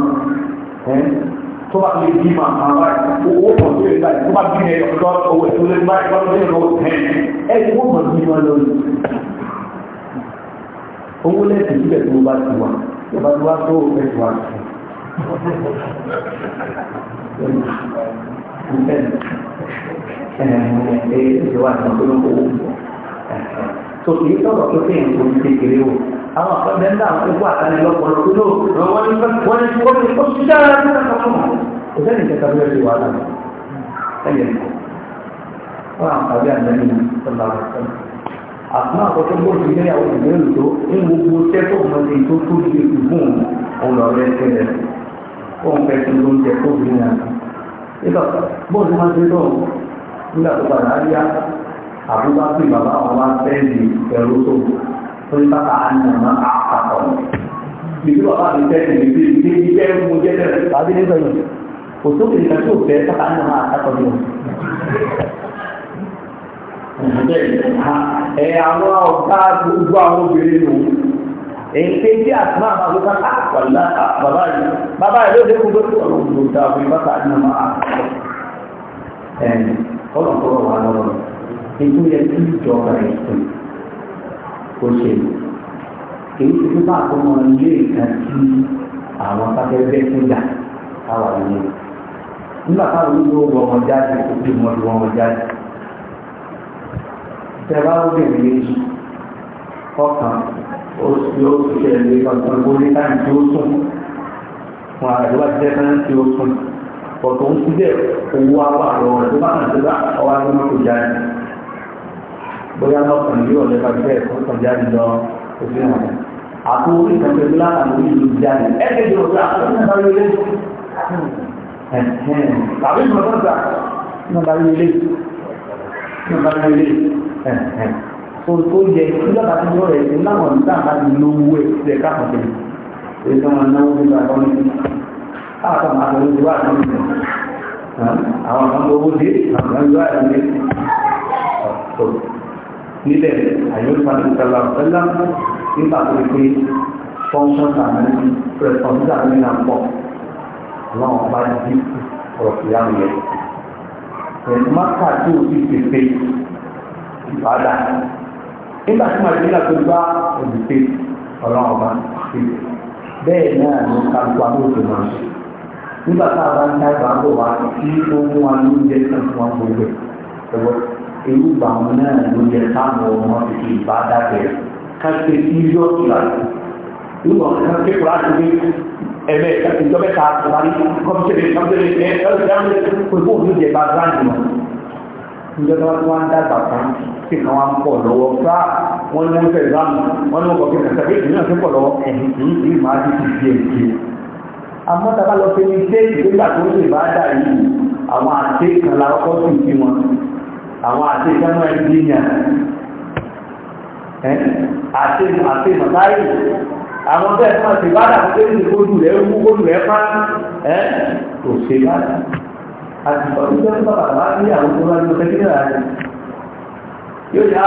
Speaker 1: tó bá lè bí màá máa báyìí owó pọ̀ sí ẹ̀ka tó bá bí ẹ̀yọ̀ lọ owó tó lè báyìí lọ́dún ní ìlú ẹ̀yìn ẹ̀yìn wọ́n mọ̀ bí wọn lórí. owó lẹ́sìn síbẹ̀ tó bá ti wà tó bá ti wá tó ẹ̀ tó wà sí. ẹ̀ ẹ̀ ẹ̀ ẹ̀ ẹ̀ ẹ̀ ẹ̀ ẹ̀ ẹ̀ ẹ̀ ẹ̀ ẹ̀ ẹ̀ ẹ̀ ẹ̀ tó kìí sọ̀rọ̀ tó fi ìlú kékeré o àwọn ọ̀pẹ́ bẹ́ńdà gbogbo àtàlélọ́pọ̀ lókúlò wọ́n ní wọ́n ní wọ́n ní ó ti dára ní ọ̀pọ̀ kò sẹ́ni kẹta bí wọ́n ti wà lánàá ẹ̀yẹ wọ́n àǹfààní àgbẹ̀ni ọ̀là ọ̀sán àtúnà àkọ́kọ́ gbọ́dọ̀ ìgbéyàwó ìgbéyàwó tó ní gbogbo tẹ́tọ̀ mọ́lẹ̀ tó tó di ìgbùn ọ̀lọ́rẹ́ tẹ́lẹ̀ fóun fẹ́ tó ló ti máa ń ṣe tó nígbà àbúgbà tí bàbá wọn wá sẹ́ẹ̀dì ẹ̀rú tó tó ní bàbá ànàmọ́ àpapọ̀ ìdí bàbá mi sẹ́ẹ̀dì ní bí ibi ibi jẹ́ mú jẹ́ tẹ̀lé bàbá mi sẹ́ẹ̀dì kò tó kìí kan tó fẹ́ bàbá ànàmọ́ àpapọ̀ ni ẹ àwọn ọ̀gá gbogbo àwọn obìnrin nù èké tí àtúmọ̀ àwọn àbúkà àpàlà bàbá yìí bàbá yìí ló dé kúndó tó ọ̀rọ̀ òdòdó àbúrò bàbá ànàmọ́ àpapọ̀ ẹ̀ ọlọ́kọ̀ọ́ wà lọ́rọ̀ ètò yẹ kí ìjọba ẹ̀sìn kó ṣe èyí ti fi bá àkómọ ilé ìkan tí àwọn afẹ́fẹ́ bẹ́ẹ̀ fún yà káwà ní nígbà táwọn olùdó wọ ọmọ jáde òkú wọn ju ọmọ jáde ìṣẹ̀lá obìnrin méjì ọkàn oṣù oṣù ṣẹlẹ̀ ọ̀sán orí táyì tí ó sùn wọn àdúrà jẹ́ táyì tí ó sùn ọ̀tọ̀ ń kú bẹ́ẹ̀ owó àwọn àwọn ọ̀rọ̀ tó bá kàn sí bá ọwọ́ àti mọ́tò jáde bóyá lọ́kùnrin yóò lè bá bẹ́ẹ̀ tó tàn jáde lọ òfin hàn àti orí kan pẹ̀lú láàrín orí ìlú jáde ẹgbẹ́ ìjọ òfin àkọsí náà báyọ̀ ilé tàbí ìjọ tó gbà náà báyọ̀ ilé náà báyọ̀ ilé tó tó yẹ nígbàtà tó yọ rẹ̀ láwọn nígbà bá ti lówó ẹ̀ tẹ̀ káàkiri èyí tó máa náwó nígbà tó àwọn kan owó dé àwọn kan yọ àìlè nílẹ̀ àyọ̀sánilẹ́sàlá nígbà tó ti pé fọ́nṣọ́n tàbí rẹ̀pọ̀nsá nílà pọ̀ láwọn bá jí ọ̀rọ̀ ìyáwó yẹn. Ẹ̀sùn máta tí ó ti pèsè ìbádà. Nígbà tí màá nílà tó bá òdìpé ọlọ́run bá ti bẹ́ẹ̀ náà ló ká gbọ́ àbójútó náà ṣe. Nígbà irú bàwọn náà ló jẹ káwọn ọmọ tètè bá dàgbẹ káṣe síríọ̀sì láti irú ọ̀nà kan ké kura ti dé ẹ̀mẹ́ ìjọba ta àtùmárí kọ́mpútẹ̀lẹ̀ kọ́mpútẹ̀lẹ̀ ẹ̀ ẹ̀rọ̀dẹ́rẹ́ pẹ̀lú òun jẹ bá gíráǹdì mọ́ ìjọba tó wá ń dàgbà kan kí kan wá ń pọ̀ lọ́wọ́ fá wọn ní wọn fẹ́ ìbámu wọn ní wọn kọ̀ kí kan tàbí ìdílé náà tó pọ̀ lọ́wọ́ ẹ̀yìn ti di èké àmọ́ tá a bá lọ fi ní dé ìgbéga tó ń ṣe ìbáadà yìí àwọn àti ìkánú ẹ̀dínyà àti àti mọ̀táyì àwọn bẹ́ẹ̀ fún àti bádà pé ní olú rẹ̀ wú olú rẹ̀ pá ẹ́ kò ṣe bádà àti ọdún tó bá bàbá ní àwọn tó máa ń lọ́tẹ́ nílẹ̀ rẹ̀ yóò yá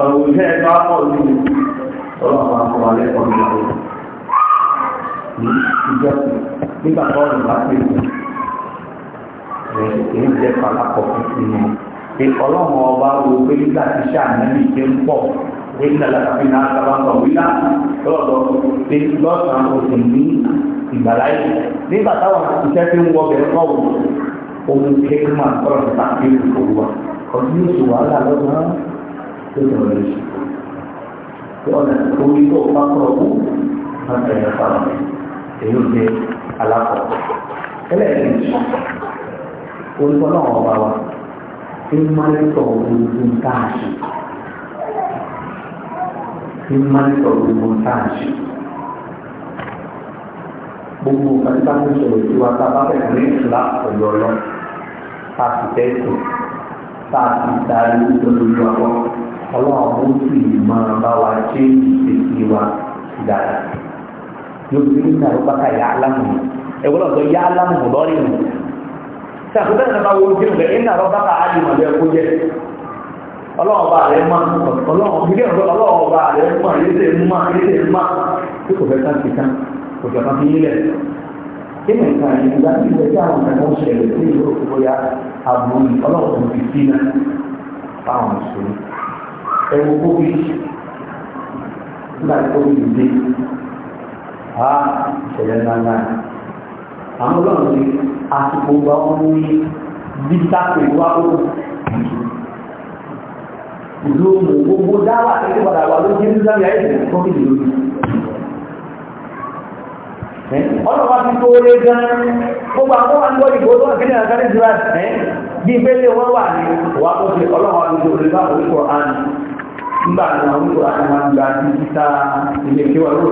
Speaker 1: ọ̀rọ̀ ìṣẹ́ ẹgbẹ́ ọkọ̀ ní ọ̀rọ̀ àwọn akọ̀wà lẹ́kọ̀ọ́ ní ọ̀rọ̀ ìjọ nígbà tó ọ̀rọ̀ bá pè é ní ìjẹ́ pàlápọ̀ fún ìmọ̀ ọlọ́run ọba wo pé nígbà tí sàmẹ́lì ti ń pọ̀ nígbà láti náà sábà sọ wílá lọ́dọ̀ pé lọ́sàn-án òsì ní ìgbàláyé nígbà táwọn iṣẹ́ ti ń wọbẹ̀ kọ́wọ́ ohun kékeré máa sọ̀rọ̀ nípa pé kò wá ọdún yóò ṣe wàhálà lọ́sàn-án tó sọ̀rọ̀ lè ṣe ọ̀nà orí tó bá sọ̀rọ̀ kú máa tẹ̀lé sábà èyí jẹ́ alákọ̀ọ́ ẹlẹ́ẹ̀kejì orí kan náà ọba wa tí máa ń tọ̀ gbogbo táàṣì tí máa ń tọ̀ gbogbo táàṣì gbogbo kàtà ń sọ̀rọ̀ sí wa tá a bá bẹ̀rẹ̀ ní ìlà ọ̀yọ́ lọ tá a sì tẹ́tù tá a sì darí lójú àwọn ọlọ́run ó máa bá wa ṣe ìṣesí wa dára yóò fi ní ìgbà ló bá ka yà á lámù ẹ̀wọ́n lọ́dọ̀ yà sàkóso náà bá wo ojú rẹ̀ iná rọ bá káà di màlẹ́ ẹ̀kọ́ jẹ́ ọlọ́ọ̀bà rẹ̀ mọ̀ ọlọ́ọ̀bà rẹ̀ mọ̀ ilé mọ̀ ilé mọ̀ tí kò fẹ́ tán ti tán kò jọba fi yílẹ̀ kí ni nǹkan yìí nígbà tí ìgbà tí àwọn nǹkan ṣẹlẹ̀ sí ìlú òkú bóyá àbúrò ọlọ́ọ̀bà ti sí náà fáwọn ìṣòro àwọn ọlọ́run ní àsìkò gba wọn ní bísàkì wáwó ìlú òmù gbogbo dáwà tẹ́lẹ̀ padà wà ló jẹ́ nígbà yà ẹ̀sìn tó kìlì lórí ọlọ́wà ti tó lé gan gbogbo àwọn wà ní wọ́n ìgbò tó wà kílẹ̀ àkàrí jùlọ bí ìgbélé wà ní wà tó ṣe ọlọ́wà lójú olùkọ́ nígbà tí wọn kó àwọn máa ń gba títíta ilé kí wọn lò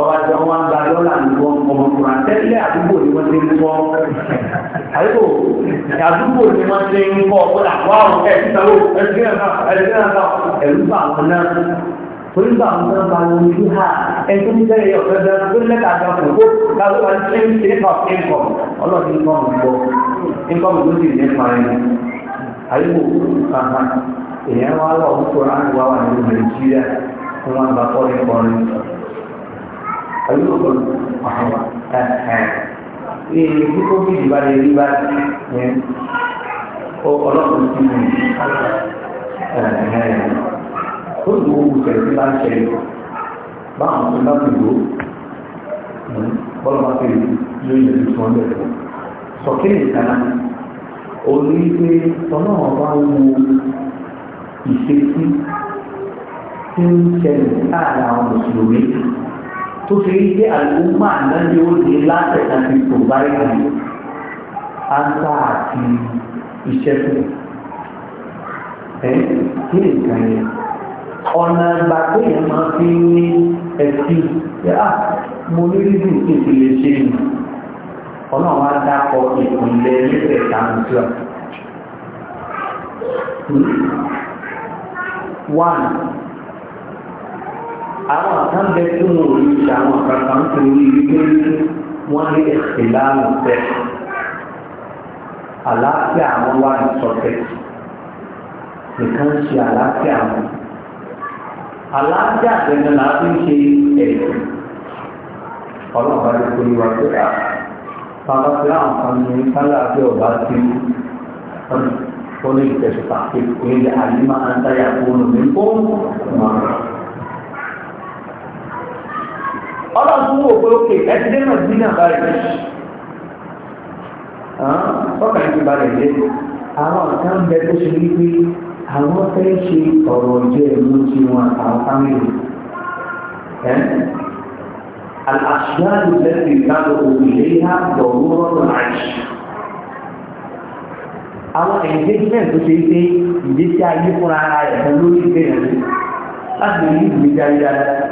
Speaker 1: ọba tí wọn máa ń gba dọ́là ní wọn ọmọkùnrin àtẹ́lẹ̀ àdúgbò ni wọ́n ti ń kọ́ àyíkò àdúgbò ni wọ́n ti ń kọ́ kódà wà ó ẹ̀ ti sanwó ẹ̀ ti rẹ̀ náà ẹ̀ ti rẹ̀ náà ẹ̀rú bá wọn náà torí bá àwọn ọmọ bá wọn ojú ha ẹ̀ tó ń bẹ̀rẹ̀ ọ̀fẹ́ bẹ̀rẹ̀ tó ń lẹ́ka àjọ kò kó káwọn bá ti ń ṣe é kọ̀ ẹ̀ kọ̀ ọlọ́ọ̀ni ń kọ́ mi gbọ́ ń kọ́ mi ló sì ní èèyàn wá lọ púpọ̀ láti wá wà nínú nàìjíríà tí wọ́n gba fọ́ọ̀rì kọrin ayélujára àwọn ẹ̀ẹ́dì kíkó bí ìbá lè rí bá yẹn ọlọ́run ti mú ẹ̀ẹ́dì tó dùn ún tẹ̀lé tí bá ń ṣẹlẹ̀ báwọn tó bá ti lò bọ́lá bá ti yóò yẹ kí wọ́n bẹ̀rẹ̀ sọ kí ni ìtàn orí pé ọlọ́run bá wù ú ìṣesí tí ń ṣẹlẹ̀ láàrin àwọn mùsùlùmí tó fi rí pé àlùmọ́ àná ni ó ní látẹ̀ka ti tò báyìí áńtà àti iṣẹ́ fún ẹ̀ kí nìkan yẹn ọ̀nà ìgbà tó yẹn máa fi ń ní ẹ̀sìn yá ah, mo ní rí bí ti lè ṣe nù ọ̀nà wa dákọ̀ ìpínlẹ̀ nípa ìtàn ìtura. Hmm? one àwọn kan bẹ tí wọn ò ní ṣe àwọn kankan tó ní wípé wọn ní ìlànà fẹ àlàáfíà àwọn wà ní sọfẹ nìkan ṣe àlàáfíà wọn àlàáfíà gbẹgbẹ là á fi ṣe ẹ̀sìn ọlọ́pàá ló kó yíwa pé à ah, bàbá tí àwọn kan ní kálá àti ọba ti ọdún. قل تستحقق قل علم أنت يكون منكم مرة ọlọ́run tó wò pé ókè ẹ̀dẹ́ náà bí náà bá rẹ̀ ọkà ní ìbá rẹ̀ lé àwọn kan bẹ tó ṣe wípé àwọn fẹ́ ṣe ọ̀rọ̀ jẹ́ ìlú tí wọn àwọn fámìlì ẹ̀ àṣìṣe àdùn lẹ́sìn ìdáàbòbò ìléyà lọ́wọ́ àìsàn àwọn engagement tó ṣe pé ìgbésí ayé fúnra ara rẹ̀ fún lórí ìgbéyàn sí láti lè ní ìgbésí ayé dáadáa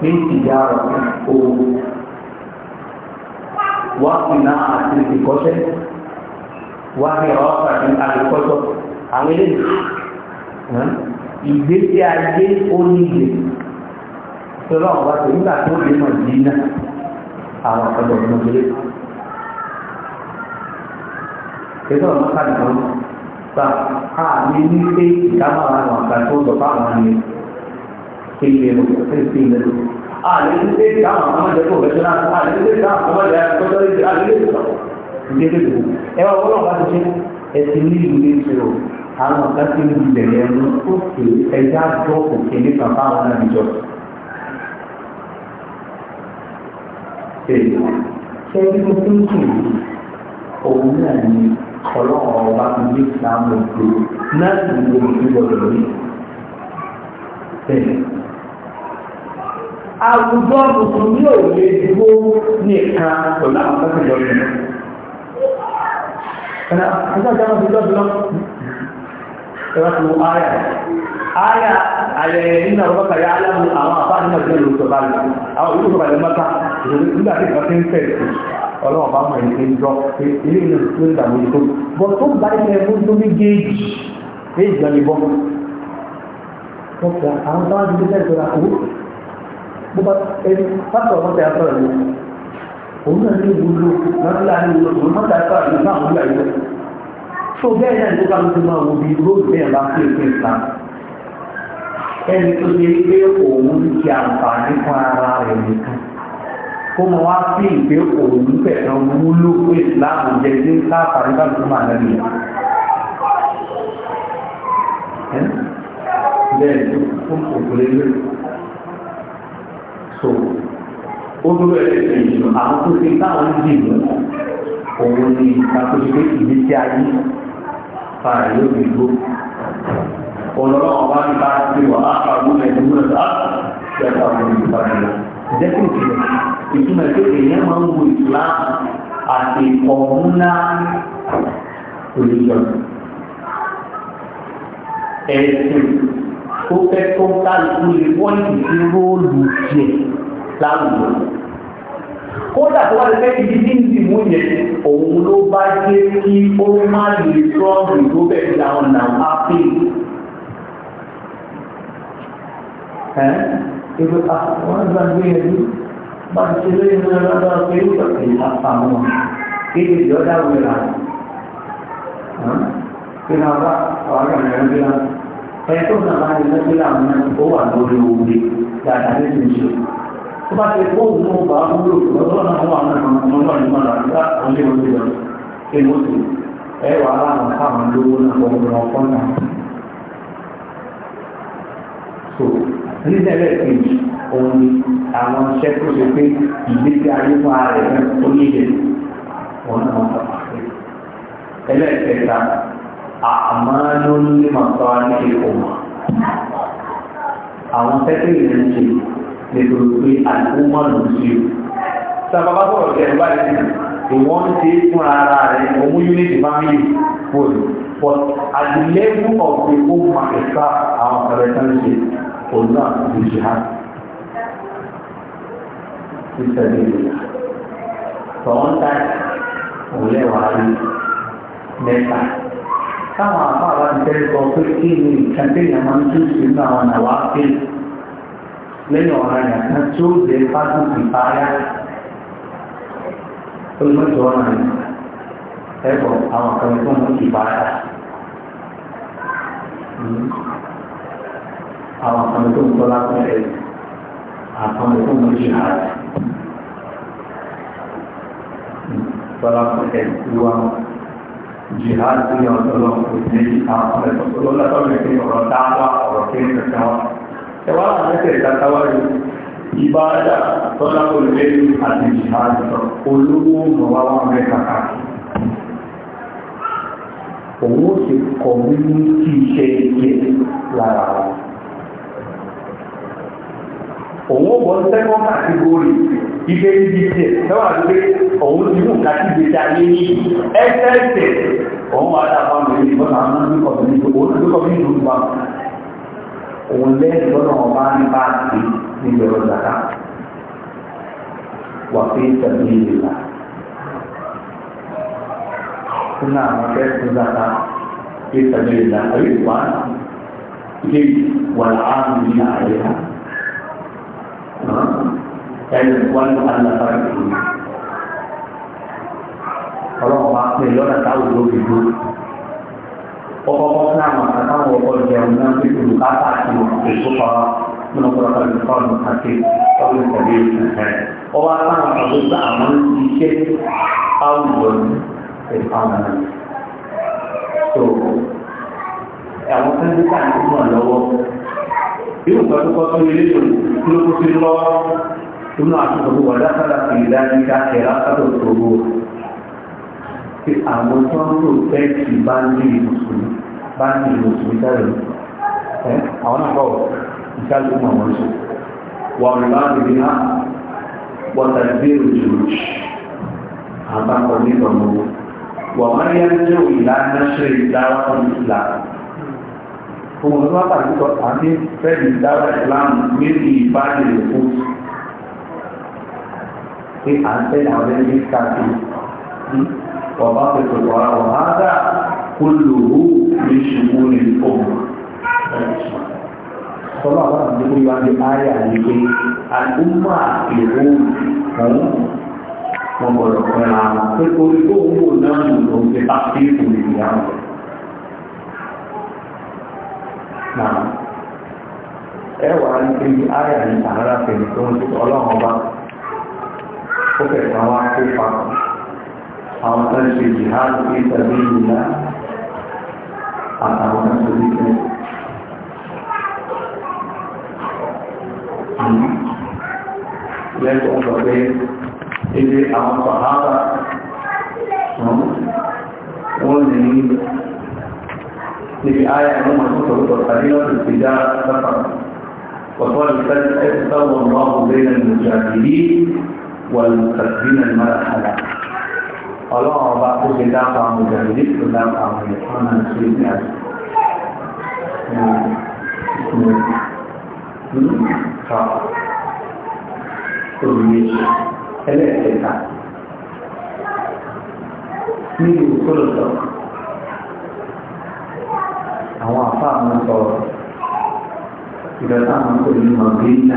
Speaker 1: pé ìjà ọ̀rọ̀ òwò wá ìná àti ìkọ́ṣẹ́ wá ní ọ̀rọ̀ àti àgbẹ̀kọ́ṣọ́ àwọn eléyìí ìgbésí ayé ó nílé tọ́lá ọ̀gá tó nígbà tó lè mọ̀ sí náà àwọn ọ̀dọ́ ìmọ̀lẹ́kọ̀ọ́ pẹ̀lú ọ̀nà kàdà gbà á ní ní pé ìdámọ̀ àwọn àgbà tó lọ wọn ni pé ló pé pé ilé ló. a lè àwọn ọmọdé kò bẹ̀rẹ̀ náà a lè ní pé àwọn ọmọdé àtọ́jọ́ ìdí ìdí èdè tó. ẹ wá wọ́n ti ṣe ẹsìn ní ìlú ní ìṣòro àwọn ọ̀gá ọlọ́run ọba ti ní ìsìlámù òkú náà sì ní omi tó gbọdọ̀ rí. Àwùjọ tuntun ní òye ìdúró nìkan pẹ̀lú àwọn akẹ́kọ̀ọ́ lọ́dún. Ẹ̀nà ọjọ́ ìjọba ti lọ́dún lọ. Ẹ̀rọ ti wo áyà. Áyà ayẹyẹ nínú àwọn ọkọ̀ yà áyà mu àwọn àbá nínú ìjọba ìlú sọ̀bá lọ. Àwọn ìlú sọ̀bá lọ mọ́ta. Ìgbà tí ìgbà tí ń fẹ̀ ọlọ́run bá mọ̀ ìpè jọ pé ilé ìlú tó ń dàgbò tó bọ́ tó bá ilé ẹ̀mú tó ní géèjì ní ìjọ ní bọ́ wọ́n fi àwọn táwọn ti dé ìtura owó bó bá ẹni pásítọ̀ wọn ti àtọ̀ ẹ̀mú òun náà ní ìwúlò lọ́sílẹ̀ àti ìwúlò òun náà ti àtọ̀ ẹ̀mú náà wúlò àyẹ̀wò tó bẹ́ẹ̀ náà ló bá máa wo bí róòlù bẹ́ẹ̀ bá fi èké ìlà ẹni tó ṣe pé òun ti àǹfààní fún ara rẹ̀ nìkan kó mọ wá sí ìgbé òòlù tẹ̀sán wúlò fún ìsìláàmù jẹ ní káàkiri bá lùsùn máa lẹ́nu yẹn. bẹ́ẹ̀ ni fún òkúlé lè so ó dúró ẹ̀ ṣe ìṣù àwọn tó ṣe táwọn ń dì mú òun ni ìtàkùn pé ìgbésí ayé fara yóò fi gbó ọlọ́wọ́ bá ń bá ti wà á pàgọ́ ẹ̀dùnmọ́ ẹ̀dá ìjẹ́kọ̀ọ́ ìgbàlódé jẹ́kọ̀ọ́ ìgbàlódé ìtumọ̀ pé èèyàn máa ń wo islam àti ìkọ̀ọ̀múná religion ẹ̀sìn tó fẹ́ tó ń kálukú lè wọ́n ti fi róòlù jẹ láwùjọ kódà tó wá lè fẹ́ ibi tí ń ti mú yẹn òun ló bá jẹ́ kí ó má lè sọ́ọ̀bù tó bẹ̀rẹ̀ láwọn náà á pè é. ẹ ẹ wọ́n gbàgbé ẹbí bá ti ṣe lóyún náà pé ó sọ pé apá kéde ìjọ dáwọ́ ìlà pé náà bá ọ̀rọ̀ ìrìn àjò náà ẹni tó náà bá ní lọ́dọ̀ láwọn náà ó wà lórí òde dáadáa ní ìṣe tó bá ti kó òun náà bá wúlò lọ́dọ̀ náà wà náà lọ́dọ̀ nígbà náà ọ̀lé òde lọ èmo sì ẹ wà láwọn káwọn lówó náà wọ́n ọkọ náà. so nígbà ẹlẹ́ẹ̀kejì òun ni àwọn iṣẹ́ tó ṣe pé ìgbésí ayé fún ara rẹ̀ náà ó nílẹ̀ wọn náà wọ́n sọ̀rọ̀ pé ẹlẹ́ẹ̀kẹta àmọ́ ló ń lé màtọ́ ní ìkọ̀mọ́ àwọn tẹ́tẹ́rì rẹ̀ ń ṣe nítorí pé àdúgbò ló ń ṣe sábàbá sọ̀rọ̀ kẹrin báyìí ìwọ́n ń ṣe fún ara rẹ̀ òun unity family fòlù but at the level of the home market ká àwọn ọ̀rẹ́ kan ṣe òun náà ti ṣe hàn. في سبيل الله فوانتا ولي وعلي ميتا كما قال أن تلقوا في إيمي كنتين من تسلنا ونواقل لن يورانا نتسو زيفات كفاية المجوانا ẹ̀kọ́ àwọn akọni tó ń ti bàtà àwọn akọni tó ń tọ́lá pẹ̀lú àwọn akọni tó ń ti hàrà. Fọlá pẹ̀lẹ́ tí wá jihad tó yàn lọ́lọ́ kò ní àwọn ẹ̀sọ́ tó lọ́lọ́ tó lè fi ọ̀rọ̀ dáwà ọ̀rọ̀ kí ní kẹta wá. àti jihad olówó mọ̀wá wọn rẹ̀ kàkà. Òun ó ṣe kọ̀ nínú kí iṣẹ́ ìṣe lára wọn òun wọ́n sẹ́kọ́ kàtígórì ibi ibi tẹ̀ lọ́wọ́ àdúgbé òun ti mú kàtígórì ayé ní ẹsẹ̀ẹsẹ̀ òun wà dáfà lórí ìbọn àwọn ọmọdé kọ̀ọ̀mí ìlú bá òun lẹ́yìn lọ́nà ọba ní báàkì nílẹ̀ ọ̀dàkà wà pé tẹ̀lé ìlà fún àwọn akẹ́kọ̀ọ́ zaka pé tẹ̀lé ìlà ayé ìwà ilé wà láàárín àyè náà ẹni wọn alábàá ìlú ọlọ́run wa pè lọ́nà táwọn olóògbé dúró ọkọ̀ọ̀kọ̀ fún àwọn àtàwọn ọkọ̀ ìjẹun náà pé kò ká pàṣẹ èso kan nínú ọkọ̀ ìjẹun kan ní àti ọdún ìtẹ̀lé ìtẹ̀lé ọwọ́ aláwọn àtàwọn ìgbà àwọn iṣẹ́ àwùjọ ìpamọ́ tó àwọn fẹ́ẹ́ bí káàkiri náà lọ́wọ́ irú nǹkan tó kọ́ tó ilé yòó kí ló kó sí lọ́wọ́ inú àtúntò wà dákàlà sí ìdáríkà ẹ̀rá kátó tòwó tí àwọn tó bandi lò fẹ́ kí bá ń lè mùsùlùmí bá ń lè mùsùlùmí dáre ẹ àwọn náà bọ̀ ìdájọ́ mọ̀ wọ́n sọ wà rìbá rìbí náà wọ́n tàbí bẹ́ẹ̀rù jùlọ àbákọ̀ nígbà òun tó wá pàdé sọ àti fẹ́ẹ̀lì dára ìlànà méjì ìbáàdì rẹ̀ fún pé à ń tẹ́lẹ̀ àwọn ẹni káàkiri ní ọba pẹ̀lú ọ̀rá ọ̀rá dá kó lòó ní ṣubú ní òun. Sọlá àwọn àti ìdíkú yóò wá ní àyà pé àdúmọ̀ ìlú ọ̀hún wọn gbọ́dọ̀ fẹ́ràn pé orí tó ń wò náà lòun bá sí ìlú ìyá wọn. náà ẹ wà á ní bí ayà ní àrárá pẹ̀lú tó ń tó ọlọ́run ọba ó fẹ̀sẹ̀ àwọn akópa àwọn tó ń ṣe jihad ní tàbí ìlú àtàwọn tó ń ṣe lẹ́tọ̀ ọ̀sọ̀ pé ilé àwọn sàhábà wọ́n ní في آية عموما تصل القليلة في التجارة فقط وقال الثالث استوى الله بين المجاهدين والمتقدمين المرحلة قال الله بعد كتاب عن مجاهدين كتاب عن يسوعنا نسيب ثلاث كتاب من كل الثقه àwọn àfa àwọn sọ̀rọ̀ ìdọ̀tà àwọn kò ní mọ̀gbìnà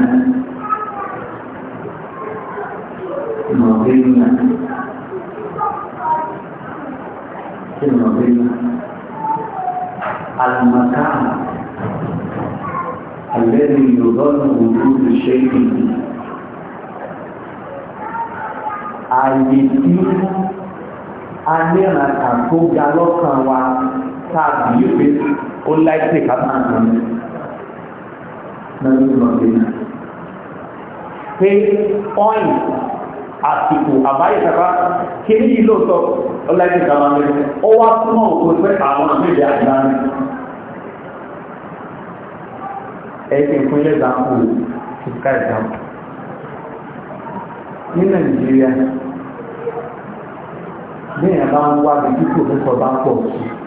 Speaker 1: mọ̀gbìnà kí ni mọ̀gbìnà àlùmọ̀ká àlẹ́rì ìrọ̀lọ́nà òdúró ṣe é àyè tí a ní sáàbì yóò pé ó láìsí kápá náà náà ní ìlọ́dé náà pé ọ́ìn àsìkò àbáyé kàkà kéré yìí lóòótọ́ ó láìsí kápá náà ó wá túmọ̀ òkú pé àwọn àmìlì àgbà náà ẹ̀sìn fún ilé ìdáhùn ìsìká ìdáhùn ní Nàìjíríà bí ìyàbá ń wá bí kíkò tó kọ bá pọ̀ sí i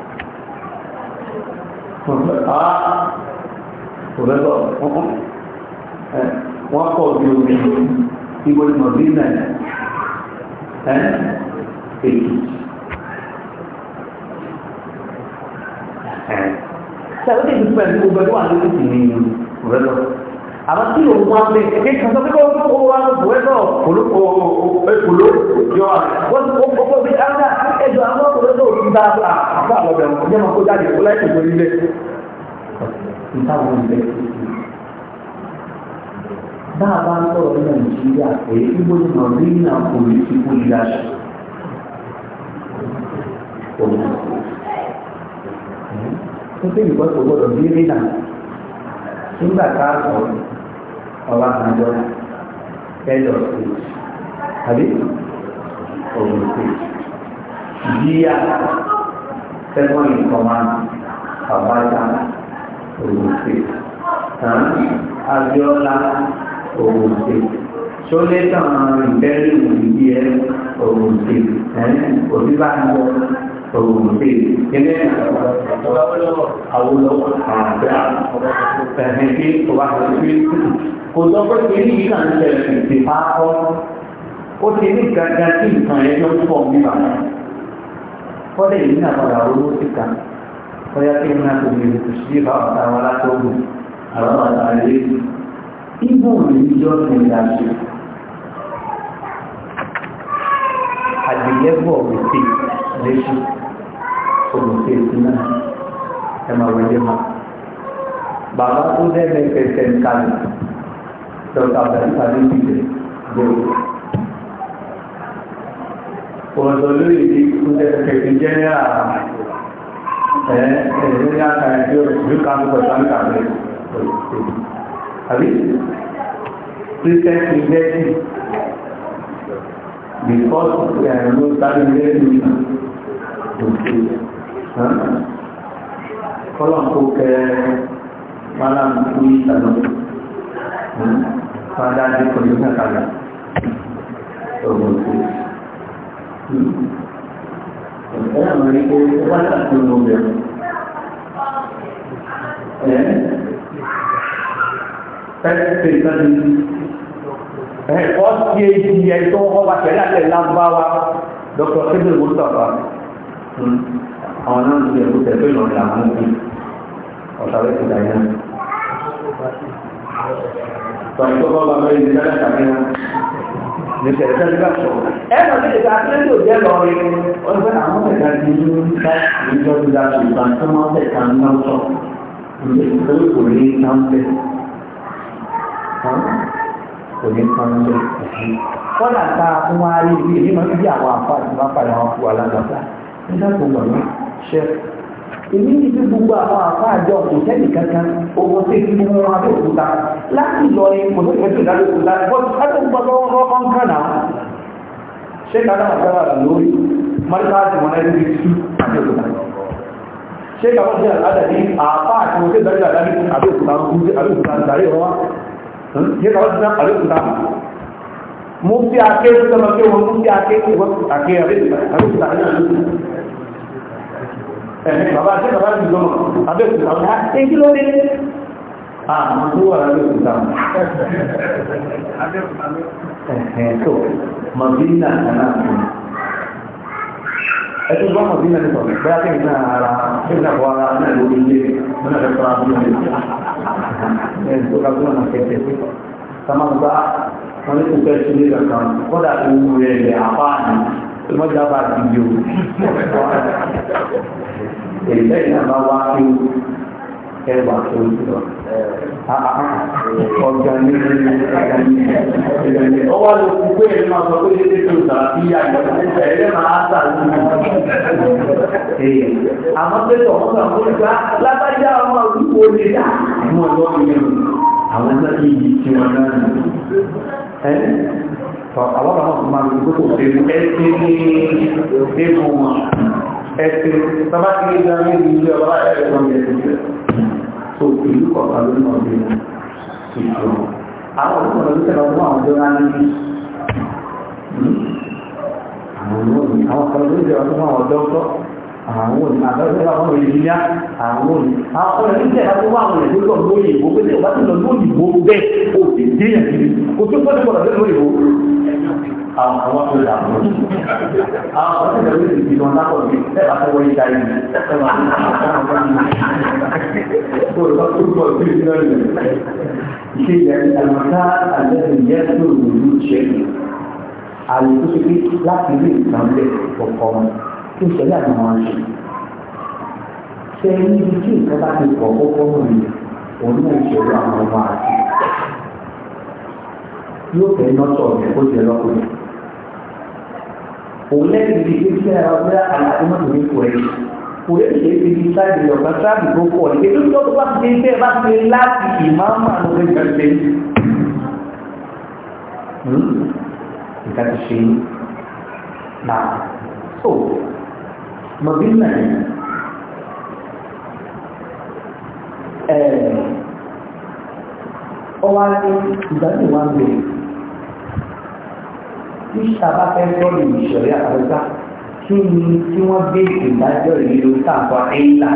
Speaker 1: wọ́n kọ̀ bí omi ìwé mọ̀dínà ẹ̀ èyí ṣàlódé ìdúpẹ́ ìdúpẹ́ wà lórí ìsinmi rẹ̀ lọ àmọ́ tí òun wá lé ẹgbẹ́ kan tó kọ́ ó wá bọ̀ ẹ́ náà polówó ekolo yọ wọ́n ti kọ́ fún mi ẹ̀ ẹ̀jọ̀ àwọn ọkùnrin náà òun dá a fún àwọn ọ̀bẹ̀ wọn yẹ́n máa kó jáde kó láì tó nílé ìtàwọn ilé bá a bá ń sọ̀rọ̀ ní nàìjíríà èyí tí gbọ́dọ̀ náà rí ní àpòlì tí kò yí aṣọ tó tẹ́lẹ̀ gbọ́dọ̀ gbọ́dọ̀ bí rí náà nígbà tá a sọ̀rọ̀ ọba àjọ ẹ̀dọ̀ stage àbí ọ̀gbọ̀n stage yíyá second in command àbájá ọ̀gbọ̀n stage tán Abíọ́lá ọ̀gbọ̀n stage sólẹ́tàn ìbẹ́rù ìdíyẹ ọ̀gbọ̀n stage òbí bá ń bọ̀ tòwòsí ilé àwòlọ́wọ́ àgbà ẹ̀hìn kí tó bá ti fi kò sọ pé kí ní ìlànà ìṣẹ̀lẹ̀ ìṣẹ̀ pàápọ̀ ó ti ní gàgà sí nǹkan ẹjọ́ pọ̀ nígbà fọ́lẹ̀ yìí náà padà owó síta fọ́yá kí ní àtò mi kò sí bá ọ̀tá wa látọ́gùn àwọn àtà ilé ibù ìjọ ti ìlà ṣe àgbẹ̀yẹ̀bọ̀ òfin lẹ́sùn olùsí ìsinmi ẹ máa wọlé ma bàbá tó dẹ́gbẹ́ kẹsẹ̀ ń kalẹ̀ dọ́kítà àbẹ̀tà ló ti dẹ̀ gbòòrò ọ̀dọ̀ lórí ìdí kẹsẹ̀ jẹ́nẹ́rà ẹ̀ ẹ̀ẹ́dẹ́gbẹ́ àkàrẹ̀ tí ó rí kan tó sọ àkàrẹ̀ àbí christian university because ẹ̀ ló sáré lẹ́yìn òkè kọ́lọ̀ kó kẹ malam kú ìtàlọ́ padà dé kọ̀lẹ̀ kàkàlà ọ̀gbọ̀n tó ẹ̀rọ àwọn ẹ̀kọ́ wá láti ọ̀nà obìnrin ẹ̀ pẹ́ẹ́pẹ́ ìtàlẹ́ ẹ̀kọ́ tí èyí ẹ̀tọ́ ọba tẹ̀lé àtẹ̀lá bá wa dr kébìlì mustapha àwọn náà ti ẹ̀kú tẹ̀ pé ìrọ̀lẹ́ àwọn ń bí ọ̀sàwẹ́ ti dàí náà. Tọ̀yìn tó bọ́ bá mẹ́rin ní sẹ́lẹ̀ tàbí náà. Ní sẹ̀rẹ̀ sẹ́lẹ̀ bá sọ. Ẹ lọ sí ìta tí ó jẹ́ lọ rí. Ó ní pé àwọn ẹ̀ka ti ní ká ìjọ ti da ṣùgbọ́n tó máa ń tẹ̀ ká ń náà sọ. Ìjọba kò ní ká ń bẹ̀. Kò ní ká ń bẹ̀. Kọ́dà ta fún wa rí ibi ìdí máa ń bí àwọn àfáà tí wọ́n padà wọn fún wa lágbàgbà. Ní ṣe èmi ní ti gbogbo àwọn àfáàjọ kò sẹ́ni kankan owó tí kí wọ́n wá tó kúta láti lọ ní kò tó kẹ́tù ìdádó kúta bọ́ọ̀tù ẹ̀tọ́ gbọ́dọ̀ rọ́kàn kànà ṣé kàdá àkàrà lórí mọ́tà tí wọ́n náà ti tú àti òkúta ṣé kàwọ́ sí àdàdì àfáà tí wọ́n tẹ́ dájú àdàdì àbẹ́òkúta ń kú sí àbẹ́òkúta ń darí ọwọ́ ṣé kàwọ́ sí àbẹ́òkúta mú sí akéwù sọ́mọ́ ẹ̀mí bàbá àti bàbá ti lọ́mọ abẹ́kùn àwọn àti lórí àwọn tó wà lábẹ́kùn sáà ẹ̀hẹ̀n tó mọ̀bínà náà ẹ̀tún bá mọ̀bínà ní sọ̀rọ̀ bẹ́ẹ̀ kí nìkan ara kí nìkan kọ́ ara náà ló ń lé mọ́nà rẹ̀ fọ́ra bí wọ́n lè tó ká gbọ́n náà kẹ̀kẹ́ pé sàmàgbà wọn ní kò fẹ́ sílé kankan kọ́dà tó wù rẹ̀ lẹ̀ àpá àná mọ́jà bá ti di o èyí lẹ́yìn náà bá wá sí ẹwà tó ń lọ. ọjà ní ìlú ọwọ́ ló kú pé ẹni máa sọ pé ṣe ṣe tó sàrà sí àyè ẹ̀ṣẹ̀ ẹ̀rẹ́ máa sà sí i. àmọ́ pé tọ̀wọ́ náà kó gbá lábájá ọmọ olúwo lè dá mọ́ ọ lọ́wọ́ yẹn àwọn náà kì í di tiwọn náà nù. àwọn bàbá wọn máa ń gbé kó ṣe ẹsẹ̀ ní ẹ̀kọ́ wọn ẹ̀sìn bàbá ti gbé náà ní ìlú ọ̀rọ̀ ẹ̀rọ ọ̀rọ̀ ẹ̀sìn tó ìlú kọ̀ọ̀kan ló mọ̀ bí ìṣòro àwọn olùkọ́ ló tẹ̀lé ọgbọ́n àwọn tó rán ní àwọn kan ló tẹ̀lé ọgbọ́n àwọn dọ́kọ́ àwọn òní àtọ́sẹ́lá wọn lè yíyá àwọn òní àwọn ọ̀rẹ́ níjẹ́ ìdájọ́ wà àwọn ìlú lọ lóyìnbó àwọn àwọn tó dà bọ̀. Àwọn àwọn tó dàbí ìdí wọn náà bí ẹ bá yìí. Ẹ máa ń bá wọn bá wọn bá tó bọ̀ sí ìdí náà yìí. Ìṣe ìyẹn àlùmọ́tá àlẹ́sìn yẹn tó lòlú ṣe é. Àlè tó ṣe pé láti rí ìtàn bẹ́ẹ̀ wọn ṣe. ìṣòro àwọn ọmọ àti yóò fẹ́ lọ́tọ̀ rẹ̀ kó jẹ lọ́kùnrin òun lẹ́yìn ibi tí ṣe ara wúlá àlàyé mọ́tò ní kò ẹ̀ kò lè ṣe ibi tí sáàbì ọ̀gá sáàbì tó pọ̀ ní ètò ìjọ tó bá ti dé bá ti láti ìmáàmà ló fẹ́ gbẹ̀gbẹ̀ nǹkan ti ṣe náà so mọ̀bílẹ̀ ẹ̀ ọwọ́ ìgbàlè wa ń bẹ̀rẹ̀ tí sábà fẹ́ sọ́ọ̀lù ìṣẹ̀lẹ̀ àbúgbà kí ni tí wọ́n gbé ìdájọ́ ìlú sáàpọ̀ ńlá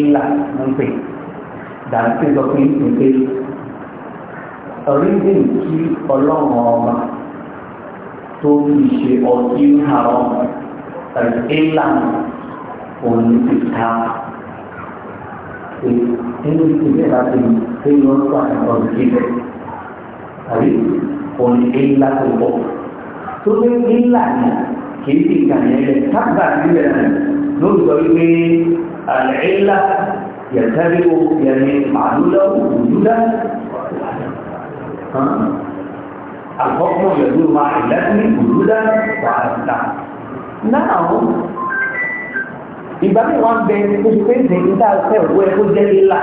Speaker 1: ńlá ń pè dàbí sọ pé ń pè ọ̀rẹ́dẹ̀ kí ọlọ́run ọba tó fi ṣe ọtí àwọn ńlá òun ti ta nínú ìpínlẹ̀ láti ṣe ìwọ́n tó àtàkọ́ ìdílé àbí òun ìlà tó bọ̀ tó ní ìlà ní kìí ti kàyẹ̀ lẹ̀ tábà sílẹ̀ náà ló ń sọ wípé àlẹ́ ìlà yẹ̀tẹ́rí o yẹ̀ni màlúlẹ̀ òwúdúdá àkọ́kọ́ yẹ̀dú ma ìlẹ́sìn òwúdúdá wà á wọn bẹ oṣù pé ìdè níta ọ̀sẹ̀ òwú jẹ́ ìlà